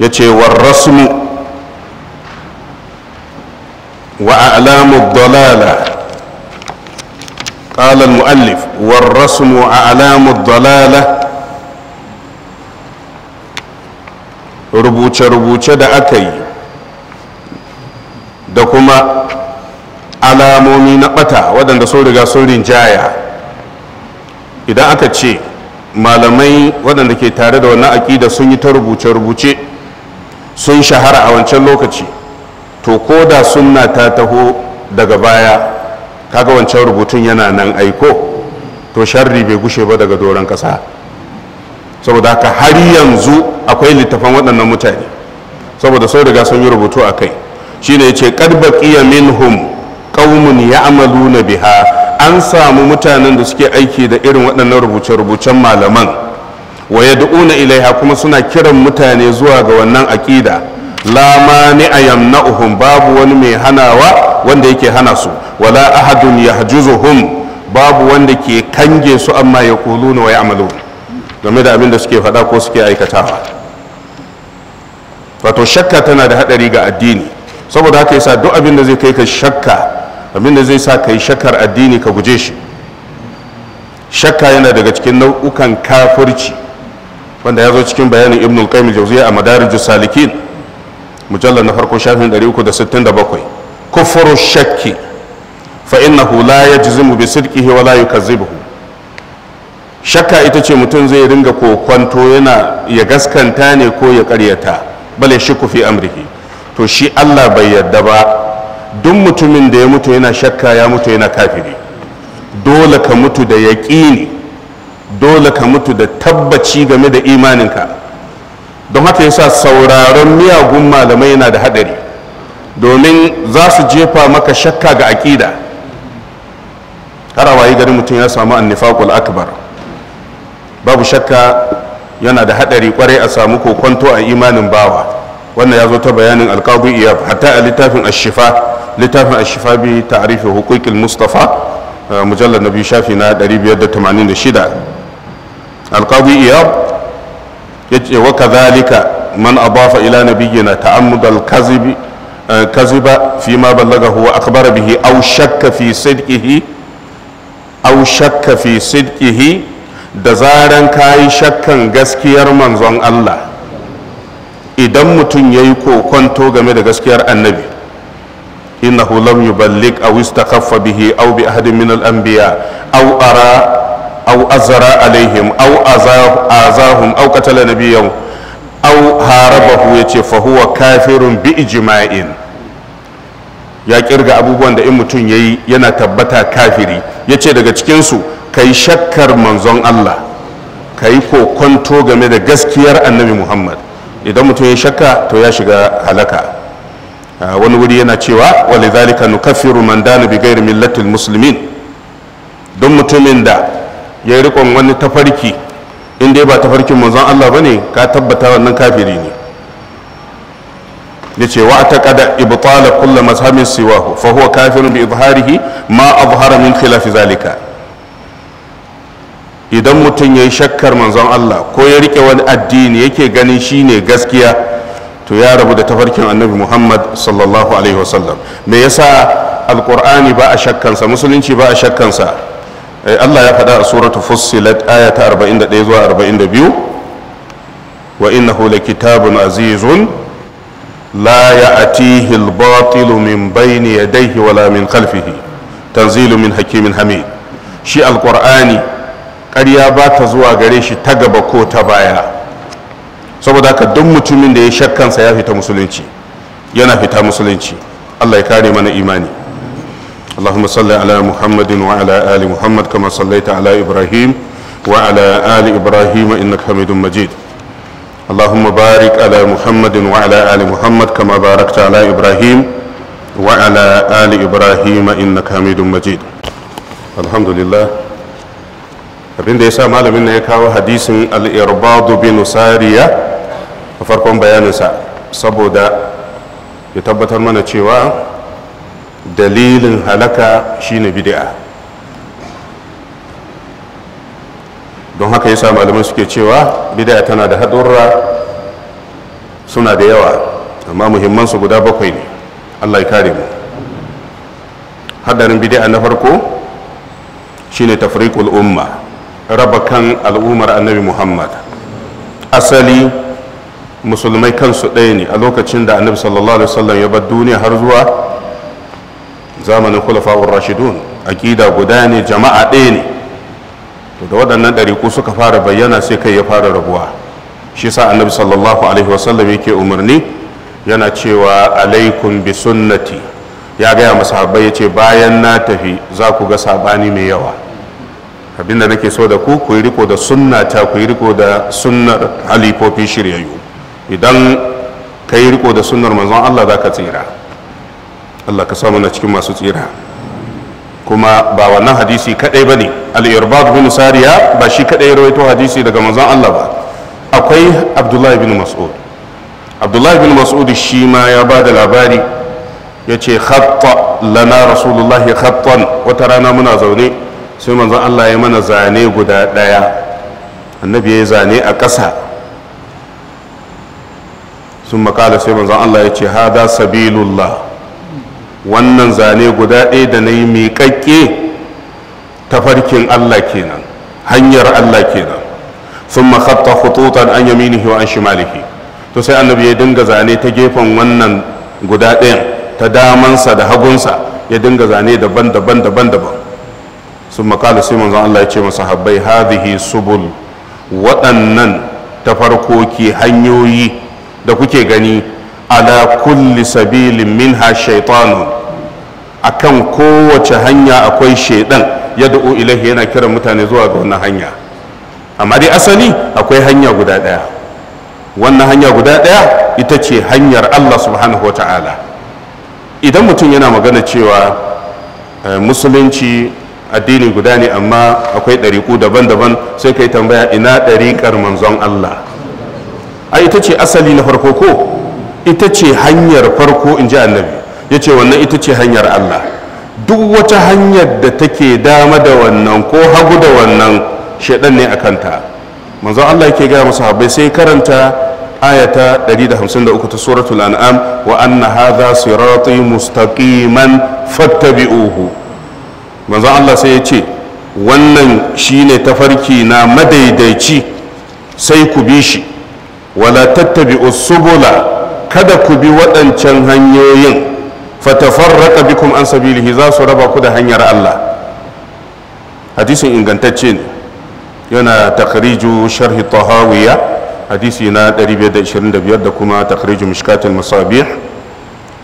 ya ce warrasmu wa alamu dalala ƙalar mu'allif warrasmu a alamu dalala rubuce-rubuce da aka yi da kuma alamomi na bata waɗanda sun riga sun rinjaya idan aka ce malamai waɗanda ke tare da wannan aƙida sun yi ta rubuce-rubuce sun shahara a wancan lokaci to ko da suna ta taho daga baya kaga wancan rubutun yana nan aiko to sharri bai gushe ba daga doron ƙasa saboda haka har yanzu akwai littafan waɗannan mutane saboda sau riga sun yi rubutu a kai shine yace qad hum minhum qaumun na biha an samu mutanen da suke aiki da irin waɗannan rubuce-rubucen malaman wa yad'una ilaiha kuma suna kiran mutane zuwa ga wannan aƙida lamani mani yamna'uhum babu wani mai hanawa wanda yake hana su wala ahadun yahjuzuhum babu wanda ke kange su amma ya yaquluna wa ya'maluna game da abin da suke faɗa ko suke aikatawa wato shakka tana da haɗari ga addini saboda haka yasa duk abin da zai kai ka shakka abin da zai sa ka yi shakkar addini ka guje shi shakka yana daga cikin nau'ukan kafirci wanda ya zo cikin bayanin ibn al-qayyim jawziya a madarijus salikin mujallar na farko shafin 367 kufuru shakki fa innahu la yajzimu bi sidqihi wa la yukazzibuhu shakka ita ce mutum zai ringa kokwanto yana ya gaskanta ne ko ya karyata bale shi fi amrihi to shi allah bai yarda ba duk mutumin da ya mutu yana shakka ya mutu yana kafiri dole ka mutu da yaƙini dole ka mutu da tabbaci game da imaninka don haka yasa sauraron miyagun malamai yana da haɗari domin za su jefa maka shakka ga aƙida har a wayi mutum ya samu annifaqul akbar babu shakka yana da hadari kwarai a samu kokonto a imanin bawa wannan ya zo ta bayanin alkabu iyab hatta a littafin ashifa littafin ashifa bi ta'rifin huquqil mustafa eh, mujallar na biyu shafi na 586 alkabu iyab ce wa kadhalika man adafa ila nabiyyina ta'ammud al-kadhibi eh, kaziba fi ma ballagahu wa akhbara bihi aw shakka fi sidqihi aw shakka fi sidqihi da zaran kayi shakkan gaskiyar manzon Allah idan mutum ya yi kokonto game da gaskiyar annabi innahu lam yuballigh aw istakhaffa bihi aw bi ahadin min al-anbiya aw ara aw azara alaihim aw azahum aw qatala nabiyahu aw harabahu yace fa huwa kafirun bi ijma'in ya kirga abubuwan da in mutum yayi yana tabbata kafiri yace daga cikin su ka shakkar manzon Allah ka yi kokonto game da gaskiyar annabi muhammad idan mutum ya shakka to ya shiga halaka ah, wani wuri yana cewa wale zalika nukaffiru man dana bi gairi millatil muslimin don mutumin da ya rikon wani tafarki in dai ba tafarkin manzon Allah bane ka tabbata wannan kafiri ne yace wa ta kada ibtala kullu mazhabin siwahu fa huwa kafirun bi izharihi ma azhara min khilafi zalika idan mutum ya yi shakkar manzon Allah ko ya rike wani addini yake ganin shi ne gaskiya to ya rabu da tafarkin annabi muhammad sallallahu alaihi wasallam me yasa alkur'ani ba a shakkansa musulunci ba a shakkansa eh, Allah ya faɗa a suratu fussilat aya ta 41 zuwa 42 wa innahu kitabun azizun la ya'tihi al-batilu min bayni yadayhi wala min khalfihi tanzilu min hakimin hamid shi alkur'ani ƙarya ba ta zuwa gare shi ta gaba ko ta baya saboda haka duk mutumin da ya shakkansa ya fita musulunci yana fita musulunci allah ya kare mana imani اللهم صل على محمد وعلى آل محمد كما صليت على إبراهيم وعلى آل إبراهيم إنك حميد مجيد اللهم بارك على محمد وعلى آل محمد كما باركت على إبراهيم وعلى آل إبراهيم إنك حميد مجيد الحمد لله abinda ya sa malamin na ya kawo hadisin al'irbadu bin sariya a farkon bayaninsa saboda ya tabbatar mana cewa dalilin halaka shine bid'a don haka ya sa malamin suke cewa bid'a tana da haɗurra suna da yawa amma muhimmansu guda bakwai ne allah ya kare mu haɗarin bid'a na farko shine tafriqul umma raba kan al'ummar annabi muhammad asali musulmai kansu ɗaya ne a lokacin da annabi sallallahu alaihi wasallam ya bar duniya har zuwa zamanin kulafa'ur rashidun aƙida guda ne jama'a ɗaya ne to da waɗannan ɗariƙu suka fara bayyana sai kai ya fara rabuwa shi sa annabi sallallahu alaihi wasallam yake umarni yana cewa alaikum bi sunnati ya gaya masahabbai ya ce bayan na tafi za ku ga saɓani mai yawa abinda nake so da ku ku yi riko da sunna ta ku yi riko da sunnar halifofin shiryayyu idan ka yi riko da sunnar manzon Allah za ka tsira Allah ka samu na cikin masu tsira kuma ba wannan hadisi kadai bane al-irbad bin sariya ba shi kadai rawaito hadisi daga manzon Allah ba akwai abdullahi bin mas'ud abdullahi bin mas'ud shi ma ya ba da labari ya ce khatta lana rasulullahi khattan wata rana muna zaune sai manzon Allah ya mana zane guda ɗaya annabi ya yi zane a ƙasa sun makala sai manzon Allah ya ce hada sabilullah wannan zane guda ɗaya da na yi miƙaƙƙe tafarkin Allah kenan hanyar Allah kenan sun makabta hututan an yaminihi wa an shimalihi to sai annabi ya dinga zane ta gefen wannan guda ɗayan ta damansa da hagunsa ya dinga zane daban daban daban daban sun makala sai manzon Allah ya ce masa habbai hadhihi subul waɗannan tafarkoki hanyoyi da kuke gani ala kulli sabilin minha shaitanu kan kowace hanya akwai shaidan ya da'u ilahi yana kiran mutane zuwa ga wannan hanya amma dai asali akwai hanya guda ɗaya wannan hanya guda ɗaya ita ce hanyar allah subhanahu wa ta'ala idan mutum yana magana cewa eh, musulunci addini guda ne amma akwai ɗariƙu daban-daban sai kai tambaya ina ɗariƙar manzon Allah a ita ce asali na farko ko ita ce hanyar farko in ji annabi ya ce wannan ita ce hanyar Allah duk wata hanyar da take dama da wannan ko hagu da wannan shaɗan ne a kanta manzon Allah yake gaya masa habai sai karanta ayata 153 ta suratul an'am wa anna hadha sirati mustaqiman fattabi'uhu manzo Allah sai ya ce wannan shine tafarki na madaidaici sai ku bi shi wala tattabi subula kada ku bi waɗancan hanyoyin fatafarraqa bikum an sabilihi za su raba ku da hanyar Allah hadisin ingantacce ne yana takhriju sharhi tahawiya hadisi na 525 da kuma takhriju mishkatul masabih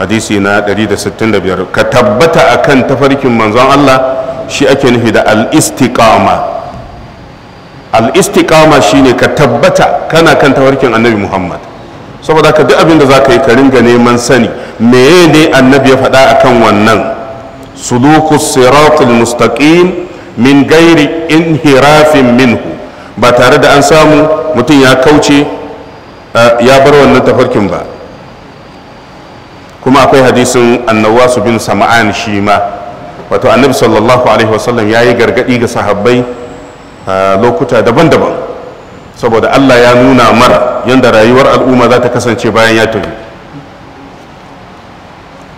hadisi na 165 ka tabbata akan tafarkin manzon Allah shi ake nufi da al-istiqama al-istiqama shine ka tabbata kana kan tafarkin annabi Muhammad saboda ka duk abin da za ka yi ka ringa neman sani meye ne annabi ya faɗa akan wannan suluku siratul mustaqim min gairi inhirafin minhu ba tare da an samu mutum ya kauce eh, ya bar wannan tafarkin ba kuma akwai hadisin annawasu bin sama'an shi ma wato annabi sallallahu alaihi wasallam ya yi gargaɗi ga sahabbai lokuta daban-daban saboda allah ya nuna mara yadda rayuwar al'umma za ta kasance bayan ya tafi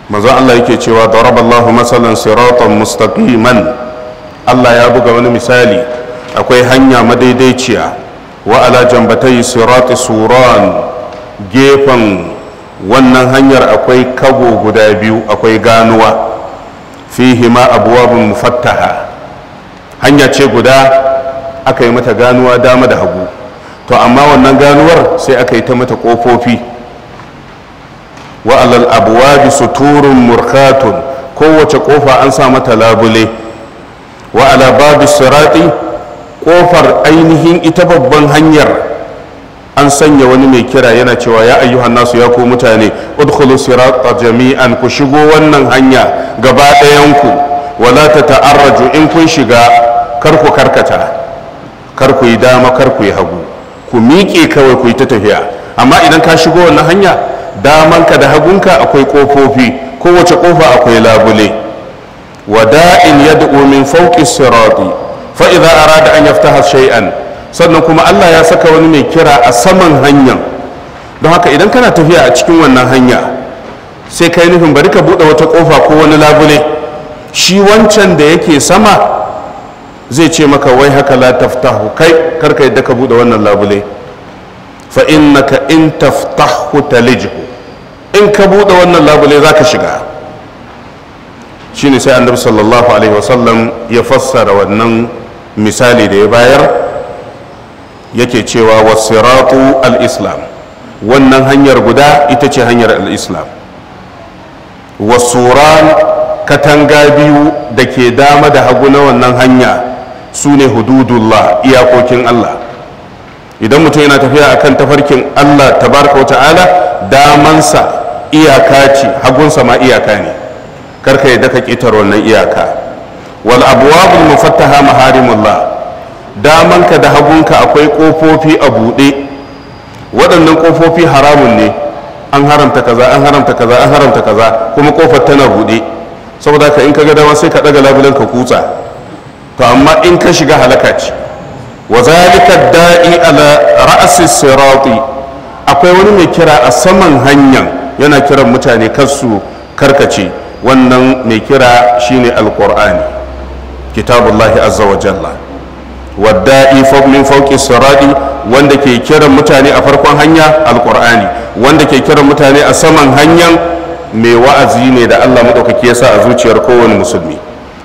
mazo allah yake cewa da daraballahu masalan siratan mustaqiman allah ya buga wani misali akwai hanya madaidaiciya wa ala jambatai sirati suran gefen wannan hanyar akwai kago guda biyu akwai ganuwa fihi ma abuwabun mufattaha hanya ce guda aka yi mata ganuwa dama da hagu to amma wannan ganuwar sai aka yi ta mata ƙofofi wa'alal abuwabi suturun murkatun kowace ƙofa an sa mata labule wa'ala babu sirati ƙofar ainihin ita babban hanyar an sanya wani mai kira yana cewa ya ayyuhan nasu ya ku mutane udkhulu sirata jami'an ku shigo wannan hanya gaba ɗayan ku wala ta ta'arraju in kun shiga kar ku karkata kar ku yi dama kar ku yi hagu ku miƙe kawai ku yi ta tafiya amma idan ka shigo wannan hanya damanka da hagunka akwai ƙofofi kowace ƙofa akwai labule wada'in yad'u min fawqi sirati fa idza arada an yaftaha shay'an sannan kuma allah ya saka wani mai kira a saman hanyar don haka idan kana tafiya a cikin wannan hanya sai kai nufin bari ka buɗe wata ƙofa ko wani labule shi wancan da yake sama zai ce maka wai haka la taftahu kai karka yadda ka buɗe wannan labule fa innaka in taftahu talijhu in ka buɗe wannan labule za ka shiga shine sai annabi sallallahu alaihi wasallam ya fassara wannan misali da ya bayar yake cewa wasiratu al-islam wannan hanyar guda ita ce hanyar al-islam wasuran katanga biyu da ke dama da hagu na wannan hanya su ne hududullah iyakokin allah idan mutum yana tafiya akan tafarkin allah tabaraka wa ta'ala damansa iyaka ce hagunsa ma iyaka ne karka yadda daka ƙetar wannan iyaka wal abuwa mufattaha maharimullah damanka da hagunka akwai kofofi a buɗe waɗannan kofofi haramun ne an haramta kaza an haramta kaza an haramta kaza kuma kofar tana buɗe saboda ka in ka ga dama sai ka daga labulen ka kutsa to amma in ka shiga halaka ce wa zalika da'i ala ra'si sirati akwai wani mai kira a saman hanyan yana kiran mutane kansu karkace wannan mai kira shine alqur'ani kitabullahi azza wa jalla wadda'i min fauki sirati wanda ke kiran mutane a farkon hanya alqur'ani wanda ke kiran mutane a saman hanyan mai wa'azi ne da Allah madaukaki ya sa a zuciyar kowane musulmi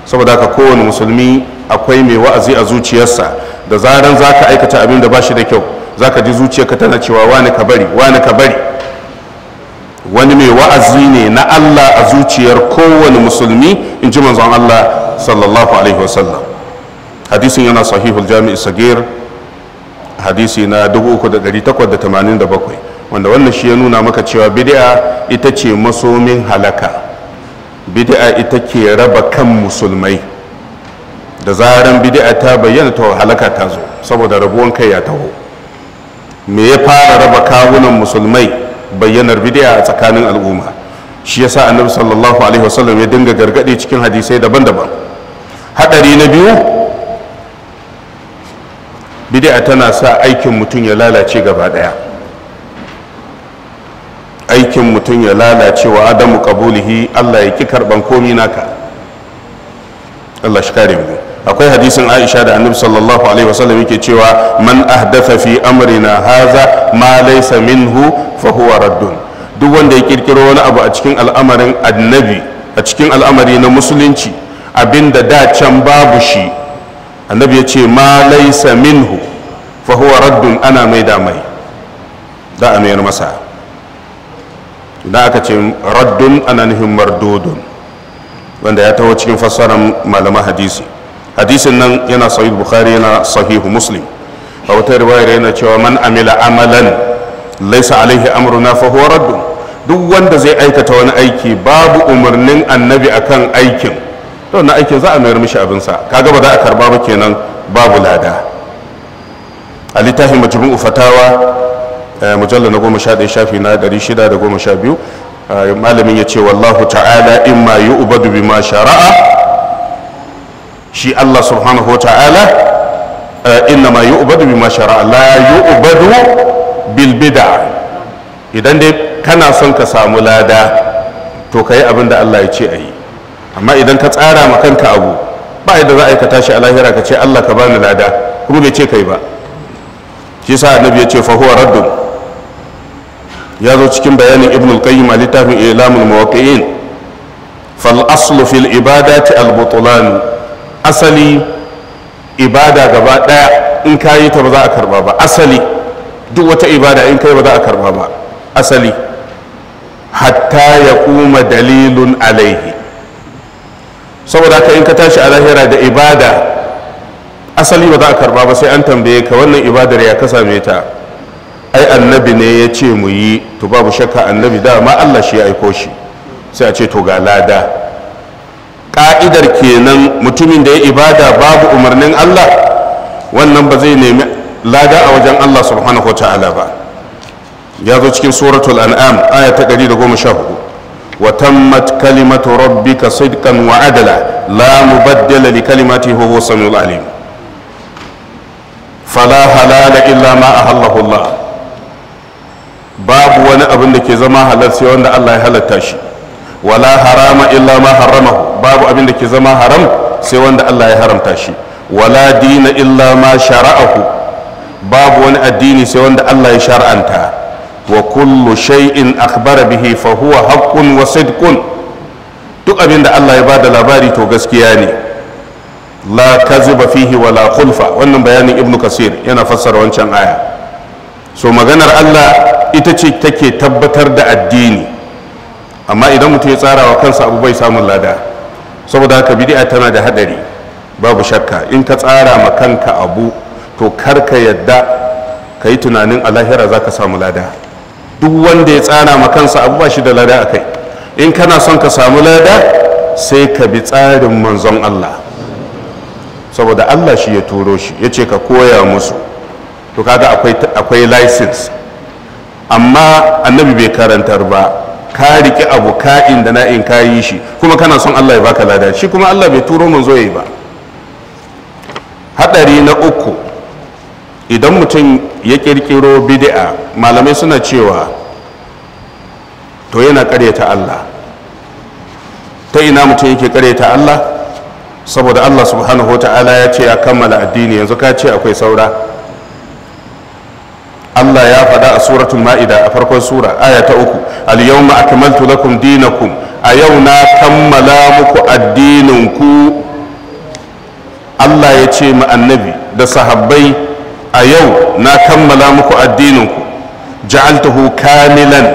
saboda haka kowane musulmi akwai mai wa'azi a zuciyarsa da zaran zaka aikata abin da bashi da kyau zaka ji ka tana cewa wani ka bari wani ka bari wani mai wa'azi ne na Allah a zuciyar kowane musulmi in ji manzon Allah sallallahu alaihi wasallam hadisin yana sahihul jami'i sagir hadisi na 3887 wanda wannan shi ya nuna maka cewa bid'a ita ce masomin halaka bid'a ita ke raba kan musulmai da zaran bid'a ta bayyana ta halaka ta zo saboda rabuwan kai ya taho me ya fara raba kawunan musulmai bayyanar bid'a a tsakanin al'umma shi yasa annabi sallallahu alaihi wasallam ya dinga gargadi cikin hadisai daban-daban hadari na biyu bid'a tana sa aikin mutum ya lalace gaba daya aikin mutum ya lalace wa adamu qabulihi Allah ya ki karban komi naka Allah shi kare mu akwai hadisin Aisha da Annabi sallallahu alaihi wasallam yake cewa man ahdatha fi amrina hadha ma laysa minhu fa huwa raddun duk wanda ya kirkiro wani abu a cikin al'amarin annabi a cikin al'amari na musulunci abinda da can babu shi annabi ya ce ma laisa minhu fa huwa raddun ana mai da mai da a mayar masa da aka ce raddun ana nufin mardodun wanda ya taho cikin fassarar malaman hadisi hadisin nan yana sahih bukhari yana sahihu muslim a wata riwayar yana cewa man amila amalan laisa alaihi amruna fa huwa raddun duk wanda zai aikata wani aiki babu umarnin annabi akan aikin to na aikin za a mayar mishi abinsa kaga ba za a karba ba kenan babu lada a littafin majmu'u fatawa eh, mujalla na goma sha ɗaya shafi na ɗari shida da goma sha biyu eh, malamin ya ce wallahu ta'ala in ma yi ubadu bi ma shara'a shi Allah subhanahu wa ta'ala eh, inna ma yi ubadu bi ma shara'a la yi ubadu bil bid'a idan dai kana son ka samu lada to ka yi abin da Allah ya ce a yi amma idan ka tsara ma kanka abu ba yadda za a yi ka tashi a lahira ka ce Allah ka bani lada kuma bai ce kai ba shi sa annabi ya ce fa huwa raddun ya zo cikin bayanin ibn al-qayyim a littafin ilamul muwaqqi'in fal aslu fil ibadati al butlan asali ibada gaba daya in yi ta ba za a karba ba asali duk wata ibada in kai ba za a karba ba asali hatta ya kuma dalilun alaihi saboda haka in ka tashi a lahira da ibada asali ba za a karba ba sai an tambaye ka wannan ibadar ya kasa me ta ai annabi ne ya ce mu yi to babu shakka annabi da ma Allah shi ya aiko shi sai a ce to ga lada ka'idar kenan mutumin da ya ibada babu umarnin Allah wannan ba zai nemi lada a wajen Allah subhanahu wa ta'ala ba ya zo cikin suratul an'am aya ta 114 وتمت كلمة ربك صدقا وعدلا لا مبدل لكلماته وهو السميع العليم فلا حلال إلا ما أحله الله باب وانا ابن دكي زما حلال سي وانا الله يحلال تاشي ولا حرام إلا ما حرمه باب ابن دكي زما حرام سي وانا الله يحرم تاشي ولا دين إلا ما شرعه باب وانا الدين سي وانا الله يشرعنته wa kullu shay'in akhbara bihi fa huwa duk abin da Allah ya bada labari to gaskiya ne la kaziba fihi wa la khulfa wannan bayanin ibnu kasir yana fassara wancan aya so maganar Allah ita ce take tabbatar da addini amma idan mutum ya tsara wa kansa abu bai samun lada saboda haka bid'a tana da hadari babu shakka in ka tsara ma kanka abu to kar ka yadda ka yi tunanin a lahira za ka samu lada duk wanda ya tsara ma kansa abu ba shi da lada akai in kana son ka samu lada sai ka bi tsarin manzon Allah saboda Allah shi ya turo shi ya ce ka koya musu to kaga akwai license amma annabi bai karantar ba ka riki abu ka'in da na ka yi shi kuma kana son Allah ya baka lada shi kuma Allah bai turo manzo ya ba haɗari na uku idan mutum ya kirkiro bid'a malamai suna cewa to yana ta Allah ta ina mutum yake ta Allah saboda Allah subhanahu wa ta'ala ya ce ya kammala addini yanzu ka ce akwai saura Allah ya faɗa a suratul ma'ida a farkon sura aya ta uku al-yawma akmaltu lakum dinakum a yau na kammala muku addinin ku Allah ya ce ma annabi da sahabbai a yau na kammala muku addininku ja'altahu kamilan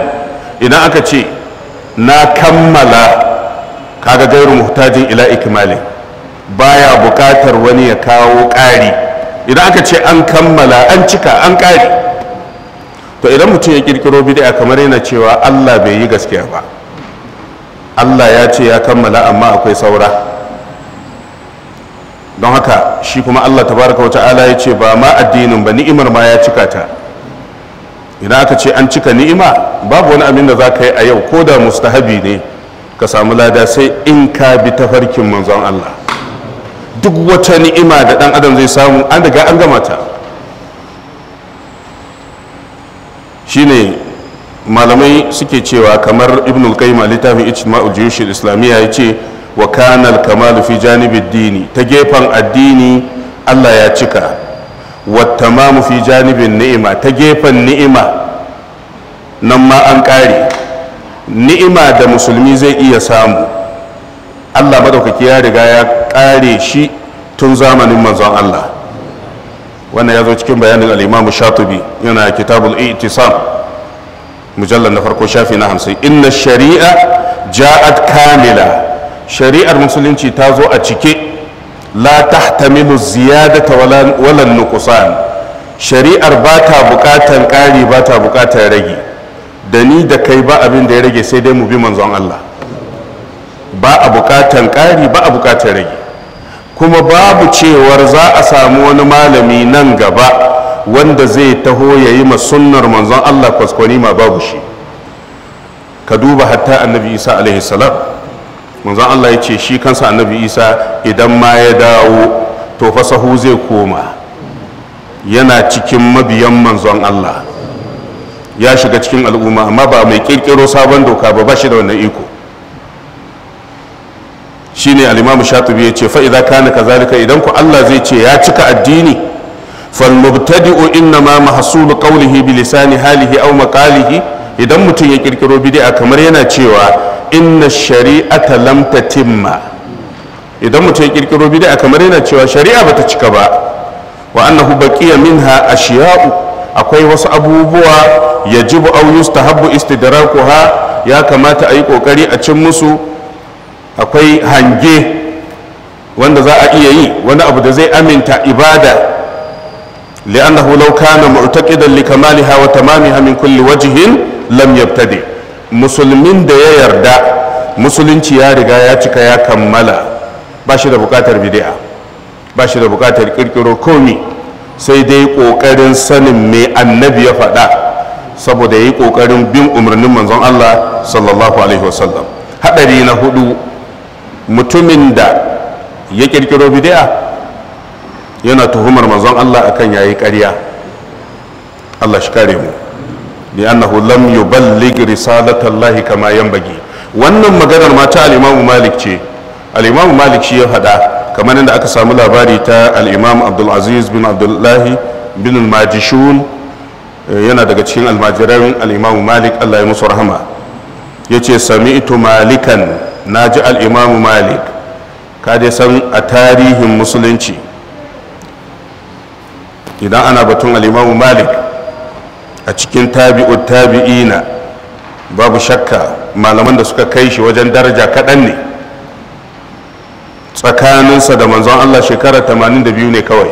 idan aka ce na kammala kaga gairu muhtajin ila ikmalin baya bukatar wani ya kawo ƙari idan aka ce an kammala an cika an ƙari to idan mutum ya kirkiro bid'a kamar yana cewa Allah bai yi gaskiya ba Allah ya ce ya kammala amma akwai saura don haka shi kuma Allah Ta baraka wata ala ya ce ba ma addinin ba ni'imar ma ya cika ta idan aka ce an cika ni'ima babu wani abin da za ka yi a yau ko da mustahabi ne ka samu lada sai in ka bi tafarkin manzon Allah duk wata ni'ima da dan adam zai samu an daga an gama ta shine malamai suke cewa kamar al qayyim littafin ijma'ul al islamiyya ya ce wa kanal kamalu fi janibid dini ta gefen addini Allah ya cika wa tamamu fi janibin ni'ima ta gefen ni'ima nan ma an ƙare ni'ima da musulmi zai iya samu Allah madaukaki ya riga ya ƙare shi tun zamanin manzon Allah wannan ya zo cikin bayanin al-Imam yana kitabul I'tisam mujallar na farko shafi na hamsin inna shari'a ja'at kamila shari'ar musulunci ta zo a cike la tahtamilu ziyadata walan nuqsan shari'ar ba ta bukatan ƙari ba ta bukatan rage da ni da kai ba abin da ya rage sai dai mu bi manzon Allah ba a bukatan ƙari ba a bukatan rage kuma babu cewar za a samu wani malami nan gaba wanda zai taho ya yi sunnar manzon Allah kwaskwani ma babu shi ka duba hatta annabi isa alaihi salam manzan Allah ya ce shi kansa annabi isa idan ma ya dawo to fa zai koma yana cikin mabiyan manzon Allah ya shiga cikin al'umma amma ba mai kirkiro sabon doka ba bashi da wannan iko shine al-imam shatibi ya ce fa idza kana kazalika idan ku Allah zai ce ya cika addini fal mubtadi'u inna ma mahsul qawlihi bi lisani halihi aw maqalihi idan mutum ya kirkiro bid'a kamar yana cewa inna shari'ata lam tatimma idan mutum ya kirkiro bid'a kamar yana cewa shari'a bata cika ba wa annahu baqiya minha ashiya'u akwai wasu abubuwa yajibu aw yustahabbu istidrakuha ya kamata a yi kokari a cin musu akwai hange wanda za a iya yi wani abu da zai aminta ibada li'annahu law kana mu'taqidan li kamaliha wa tamamiha min kulli wajhin lam yabtadi' musulmin da ya yarda musulunci ya riga ya cika ya kammala ba shi da bukatar bid'a ba shi da bukatar kirkiro komi sai dai kokarin sanin me annabi ya faɗa saboda ya yi kokarin bin umarnin manzon Allah sallallahu alaihi wasallam hadari na hudu mutumin da ya kirkiro bid'a yana tuhumar manzon Allah akan yayi ƙarya Allah shi kare mu li'annahu lam yuballigh risalatallahi kama yanbaghi wannan maganar ma ta al-imamu malik ce al-imamu malik shi ya faɗa kamar inda aka samu labari ta al-imam abdul aziz bin abdullahi bin al-majishun eh, yana daga cikin almajiran al-imamu malik Allah ya musu rahama yace sami'tu malikan naji al-imamu malik ka dai san a tarihin musulunci idan ana batun al-imamu malik a cikin tabi'ut tabi'ina babu shakka malaman da suka kai shi wajen daraja kaɗan ne tsakaninsa da manzon Allah shekara 82 ne kawai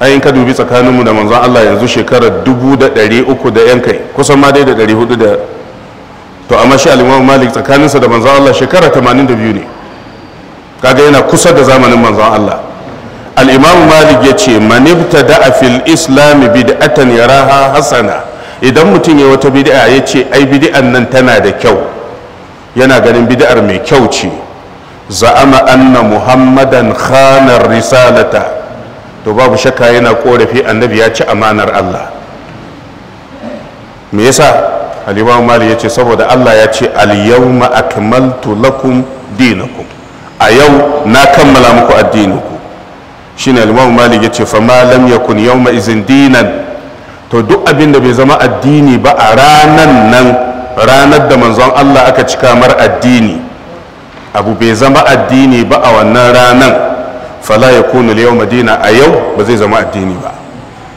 ayin ka dubi tsakaninmu da manzon Allah yanzu shekara 300 da yan kai kusan ma dai da 400 da to amma shi alimamu malik tsakaninsa da manzon Allah shekara 82 ne kaga yana kusa da zamanin manzon Allah al'imam malik ya ce manibta da a fil islami bid'atan yaraha hasana idan mutum ya wata bid'a ya ce ai bid'an nan tana da kyau yana ganin bid'ar mai kyau ce za'ama anna muhammadan khanar risalata to babu shakka yana korafi annabi ya ci amanar allah me yasa al'imam mali ya ce saboda allah ya ce al-yawma akmaltu lakum dinakum a yau na kammala muku addininku shine al-imam malik yace fa malam ya yakun yawma izin dinan to duk abin da bai zama addini ba a ranan nan ranar da manzon Allah aka cika mar addini abu bai zama addini ba a wannan ranan fala ya al-yawma dina a yau ba zai zama addini ba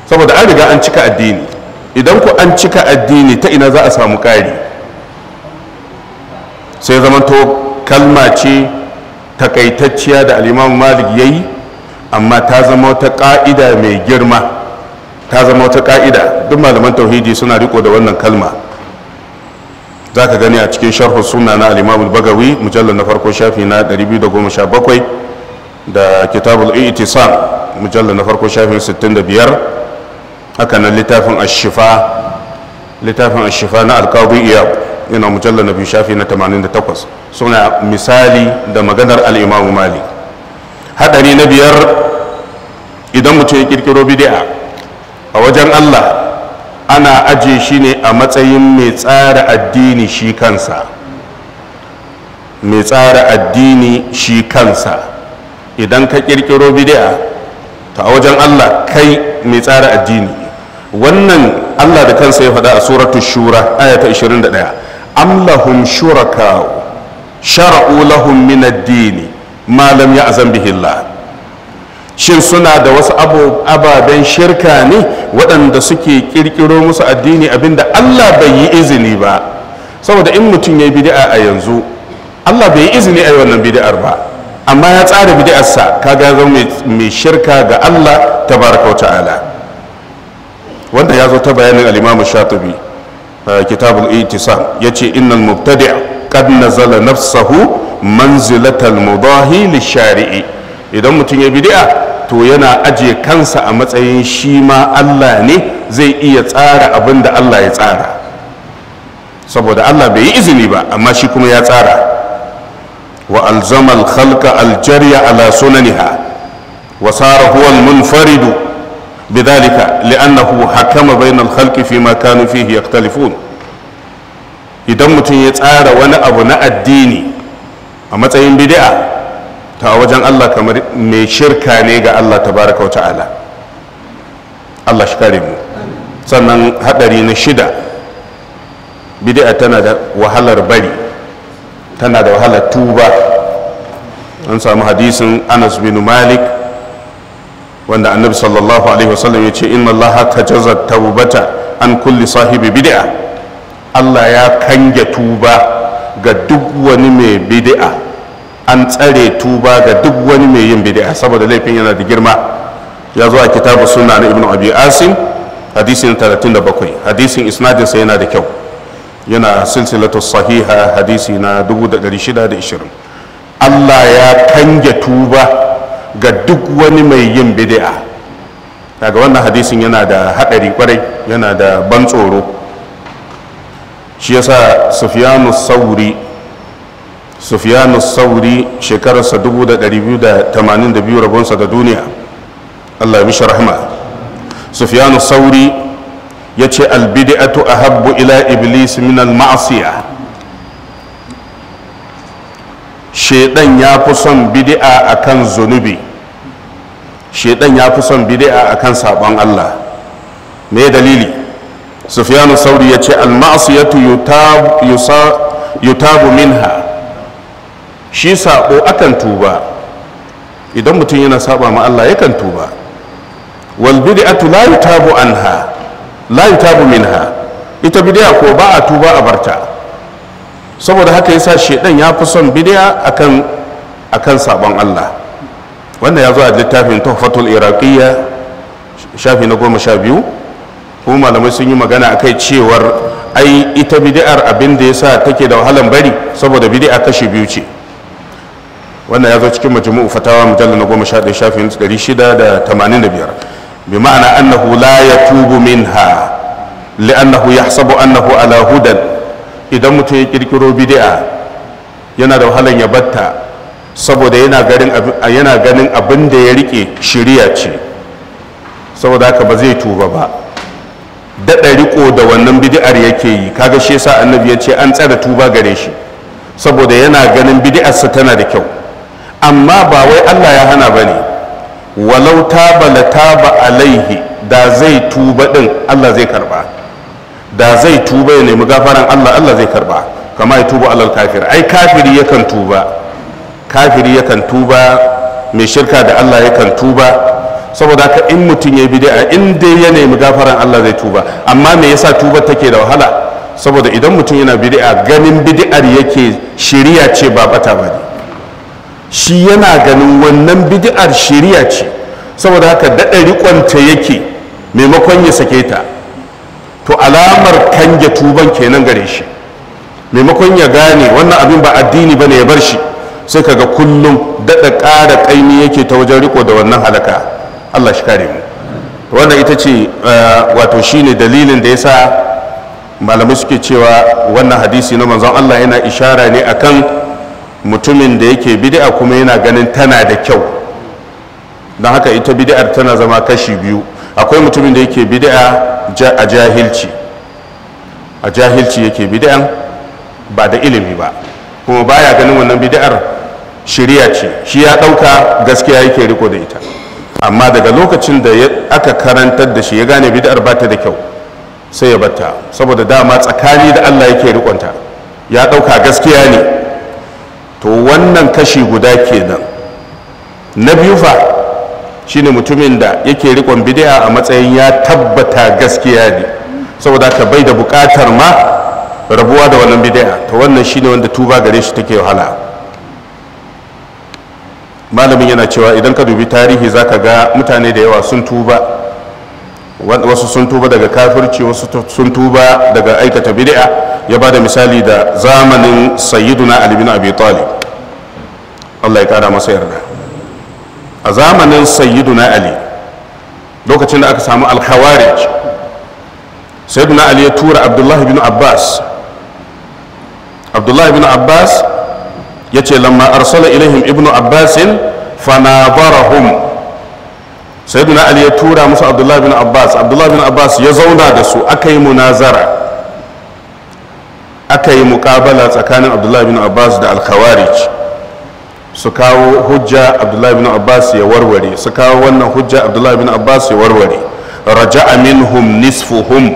saboda an riga an cika addini idan ku an cika addini ta ina za a samu kari sai zamanto kalma ce takaitacciya da alimamu malik ya yi amma ta zama wata ƙa'ida mai girma ta zama wata ƙa'ida duk malaman tauhidi suna riko da wannan kalma za ka gani a cikin sharhu suna na alimamul bagawi mujallar na farko shafi na 217 da kitabul itisam mujallar na farko shafin 65 haka nan littafin ashifa littafin ashifa na alkawun iyab yana mujallar na biyu shafi na 88 suna misali da maganar al'imamu malik hadari na biyar idan mutum ya kirkiro bid'a a wajen Allah ana aje shi ne a matsayin mai tsara addini shi kansa mai tsara addini shi kansa idan ka kirkiro bid'a ta a wajen Allah kai mai tsara addini wannan Allah da kansa ya faɗa a suratu shura ayata 21 am shura shuraka shara'u lahum min malam ya azan bihillah shin suna da wasu ababen shirka ne waɗanda suke ƙirƙiro musu addini abinda Allah bai yi izini ba saboda in mutum ya yi bid'a a yanzu Allah bai yi izini a yi wannan bidi'ar ba amma ya tsara ka kaga zo mai shirka ga Allah ta wa ta'ala wanda ya zo ta bayanin al-Imam Shatibi eh, kitabul itisam yace innal mubtadi' qad nazala nafsahu manzilatal mudahi shari'i idan mutum ya bid'a to yana aje kansa a matsayin shi ma Allah ne zai iya tsara abin da Allah ya tsara saboda Allah bai yi izini ba amma shi kuma ya tsara wa alzamal khalqa aljarya ala sunaniha wa sara huwa almunfaridu bidhalika li'annahu hakama bayna alkhalqi fi ma kanu fihi idan mutum ya tsara wani abu na addini a matsayin bid'a ta wajen Allah kamar mai shirka ne ga Allah tabaraka wa ta'ala Allah shi kare mu sannan hadari na shida bid'a tana da wahalar bari tana da wahalar tuba an samu hadisin Anas bin Malik wanda annabi sallallahu alaihi wasallam ya ce inna allaha tajaza taubata an kulli sahibi bid'a Allah ya kange tuba ga duk wani mai bid'a an tsare tuba ga duk wani mai yin bid'a saboda laifin yana da girma ya zo a kitabu suna na Ibn abi asim hadisin 37 hadisin isnadin sa yana da kyau yana silsilatu sahiha hadisi na 620 Allah ya kange tuba ga duk wani mai yin bid'a daga wannan hadisin yana da haɗari kwarai yana da ban tsoro shi yasa sufyanu sauri sufiyanus sauri shekararsa 282 rabonsa da duniya allah ya mishi rahma sufyanu sauri ya ce a habbu ila iblis min al-ma'siya shedan ya fi son bidi'a a kan zunubi shedan ya fi son bidi'a a kan sabon allah me dalili sufyanu sauri ya ce almasiyatu yutabu minha shi sabo akan tuba idan mutum yana saba ma Allah yakan tuba wal bid'atu la yutabu anha la yutabu minha ita bid'a ko ba a tuba a barta saboda haka yasa shedan ya fi son bid'a akan akan sabon Allah wanda ya zo a littafin tuhfatul iraqiyya shafi na goma sha biyu ko malamai sun yi magana akai cewar ai ita bidi'ar abin da yasa take da wahalan bari saboda bid'a kashi biyu ce wannan ya zo cikin majmu'u fatawa mujallal na 11 shafin 685 bi ma'ana annahu la yatubu minha li'annahu yahsabu annahu ala hudan idan mutum ya kirkiro bidi'a yana da wahalan ya batta saboda yana ganin abin da ya rike shiriya ce saboda haka ba zai tuba ba daɗa riko da wannan bidi'ar yake yi kaga shi yasa annabi ya ce an tsara tuba gare shi saboda yana ganin bidi'arsa tana da kyau amma ba wai Allah ya hana bane ne walau taba la taba alaihi da zai tuba din Allah zai karba da zai tuba ya nemi gafaran Allah Allah zai karba kama ya tuba alal kafir ai kafiri yakan tuba kafiri yakan tuba mai shirka da Allah yakan tuba saboda haka in mutum ya bi da'a in dai ya nemi gafaran Allah zai tuba amma me yasa tuba take da wahala saboda idan mutum yana bid'a ganin bid'ar yake shiriya ce ba bata ba ne shi yana ganin wannan bid'ar shiriya ce saboda haka daɗa riƙonta yake maimakon ya sake ta to alamar kange tuban kenan gare shi maimakon ya gane wannan abin ba addini ne ya bar shi sai kaga kullum daɗa ƙara ƙaimi yake ta wajen riko da wannan halaka Allah shi kare mu wannan ita ce uh, wato shine dalilin da ya sa malamai suke cewa wannan hadisi na manzon Allah yana ishara ne akan mutumin da yake bid'a kuma yana ganin tana da kyau don haka ita bid'ar tana zama kashi biyu akwai mutumin da yake bid'a a jahilci a jahilci yake bid'an ba da ilimi ba kuma baya ganin wannan bid'ar shiriya ce shi ya ɗauka gaskiya yake riko da ita amma daga lokacin da aka karantar da shi ya gane bid'ar ba ta da kyau sai ya batta saboda dama tsakani da Allah yake rikonta ya ɗauka gaskiya ne to wannan kashi guda kenan na biyu fa shine mutumin da yake rikon bid'a a matsayin ya tabbata gaskiya ne saboda ka bai da bukatar ma rabuwa da wannan bid'a to wannan shine wanda tuba gare shi take wahala malamin yana cewa idan ka dubi tarihi za ka ga mutane da yawa sun tuba wasu sun tuba daga kafirci wasu sun tuba daga aikata bid'a ya ba da misali da zamanin sayyiduna ali bin abi talib Allah ya kara masa yarda a zamanin sayyiduna ali lokacin da aka samu alkhawarij sayyiduna ali ya tura abdullahi bin abbas abdullahi bin abbas yace lamma arsala ilaihim ibnu abbasin fanabarahum sayyiduna ali ya tura musu abdullahi bin abbas abdullahi bin abbas ya zauna da su aka yi munazara aka yi mukabala tsakanin abdullahi bin abbas da alkhawarij su kawo hujja abdullahi bin abbas ya warware su kawo wannan hujja abdullahi bin abbas ya warware raja'a minhum nisfuhum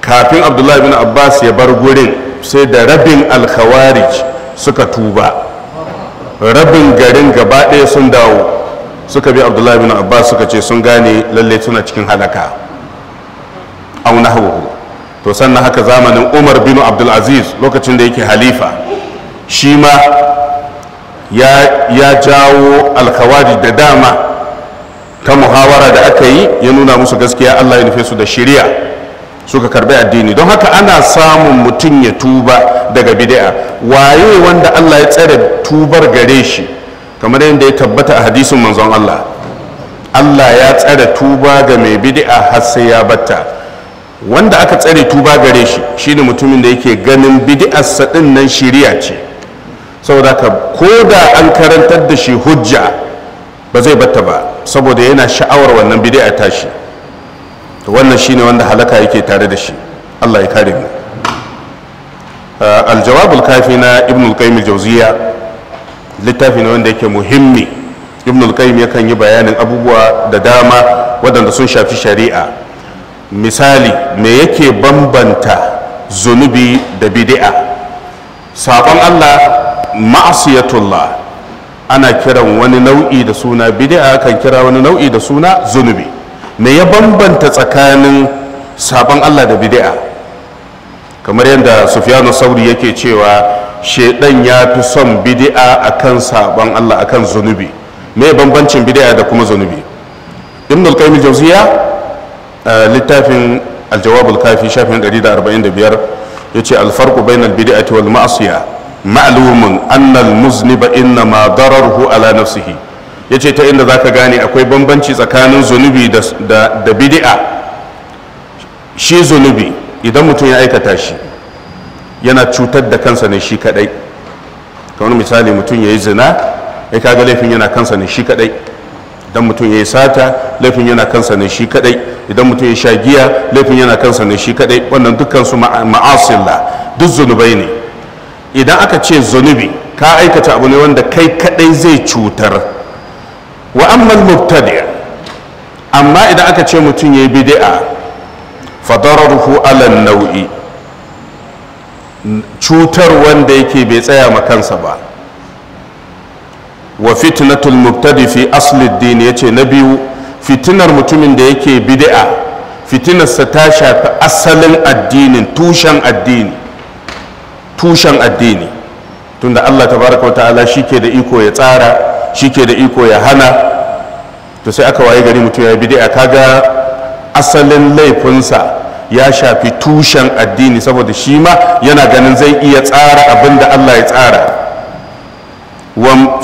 kafin abdullahi bin abbas ya bar gurin sai da rabin alkhawarij suka tuba rabin garin gaba ɗaya sun dawo suka bi abdullahi bin abba suka ce sun gane lalle suna cikin halaka au nahwuhu to sannan haka zamanin umar bin abdulaziz lokacin da yake halifa shi ma ya jawo alkawari da dama ta muhawara da aka yi ya nuna musu gaskiya allah ya nufe su da shirya suka karbi addini don haka ana samun mutum ya tuba daga bid'a waye wanda Allah ya tsare tubar gare shi kamar yadda ya tabbata a hadisin manzon Allah Allah ya tsare tuba ga mai bid'a har sai ya batta wanda aka tsare tuba gare shi shine mutumin da yake ganin bid'arsa din nan shiriya ce saboda ka ko da an karantar da shi hujja ba zai batta ba saboda yana sha'awar wannan bid'a tashi to wannan shine wanda halaka yake tare da shi Allah ya kare mu aljawabul kafi na ibn al-qayyim jawziya littafi ne wanda yake muhimmi ibn al-qayyim yakan yi bayanin abubuwa da dama waɗanda sun shafi shari'a misali me yake bambanta zunubi da bid'a sabon Allah ma'asiyatullah ana kiran wani nau'i da suna bid'a kan kira wani nau'i da suna zunubi me ya bambanta tsakanin sabon Allah da bid'a kamar yadda Sufyanu Sauri yake cewa shaiɗan ya fi son bid'a akan sabon Allah akan zunubi me bambancin bid'a da kuma zunubi Ibn al-Qayyim jawziya littafin al-Jawab al-Kafi shafin 145 yace al-farqu bayna al-bid'ati wal ma'siyah ma'lumun anna al-muzniba inna dararuhu ala nafsihi ya ce ta inda za ka gane akwai bambanci tsakanin zunubi da bidi'a shi zunubi idan mutum ya aikata shi yana cutar da kansa ne shi kadai kamar misali mutum ya yi zina ya kaga laifin yana kansa ne shi kadai idan mutum ya yi sata laifin yana kansa ne shi kadai idan mutum ya sha giya laifin yana kansa ne shi kadai wannan dukkan su ma'asila duk zunubai ne idan aka ce zunubi ka aikata abu ne wanda kai kadai zai cutar wa ammal mubtadi amma idan aka ce mutum yayi bid'a fa dararuhu ala nau'i cutar wanda yake bai tsaya ma kansa ba wa fitnatul mubtadi fi asli din yace na biyu fitinar mutumin da yake bid'a fitinarsa ta shafi asalin addinin tushen addini tushen addini tunda Allah tabaraka wa ta'ala shike da iko ya tsara shi ke da iko ya hana to sai aka waye gari mutum ya bi a kaga asalin laifinsa ya shafi tushen addini saboda shi ma yana ganin zai iya tsara abin da Allah ya tsara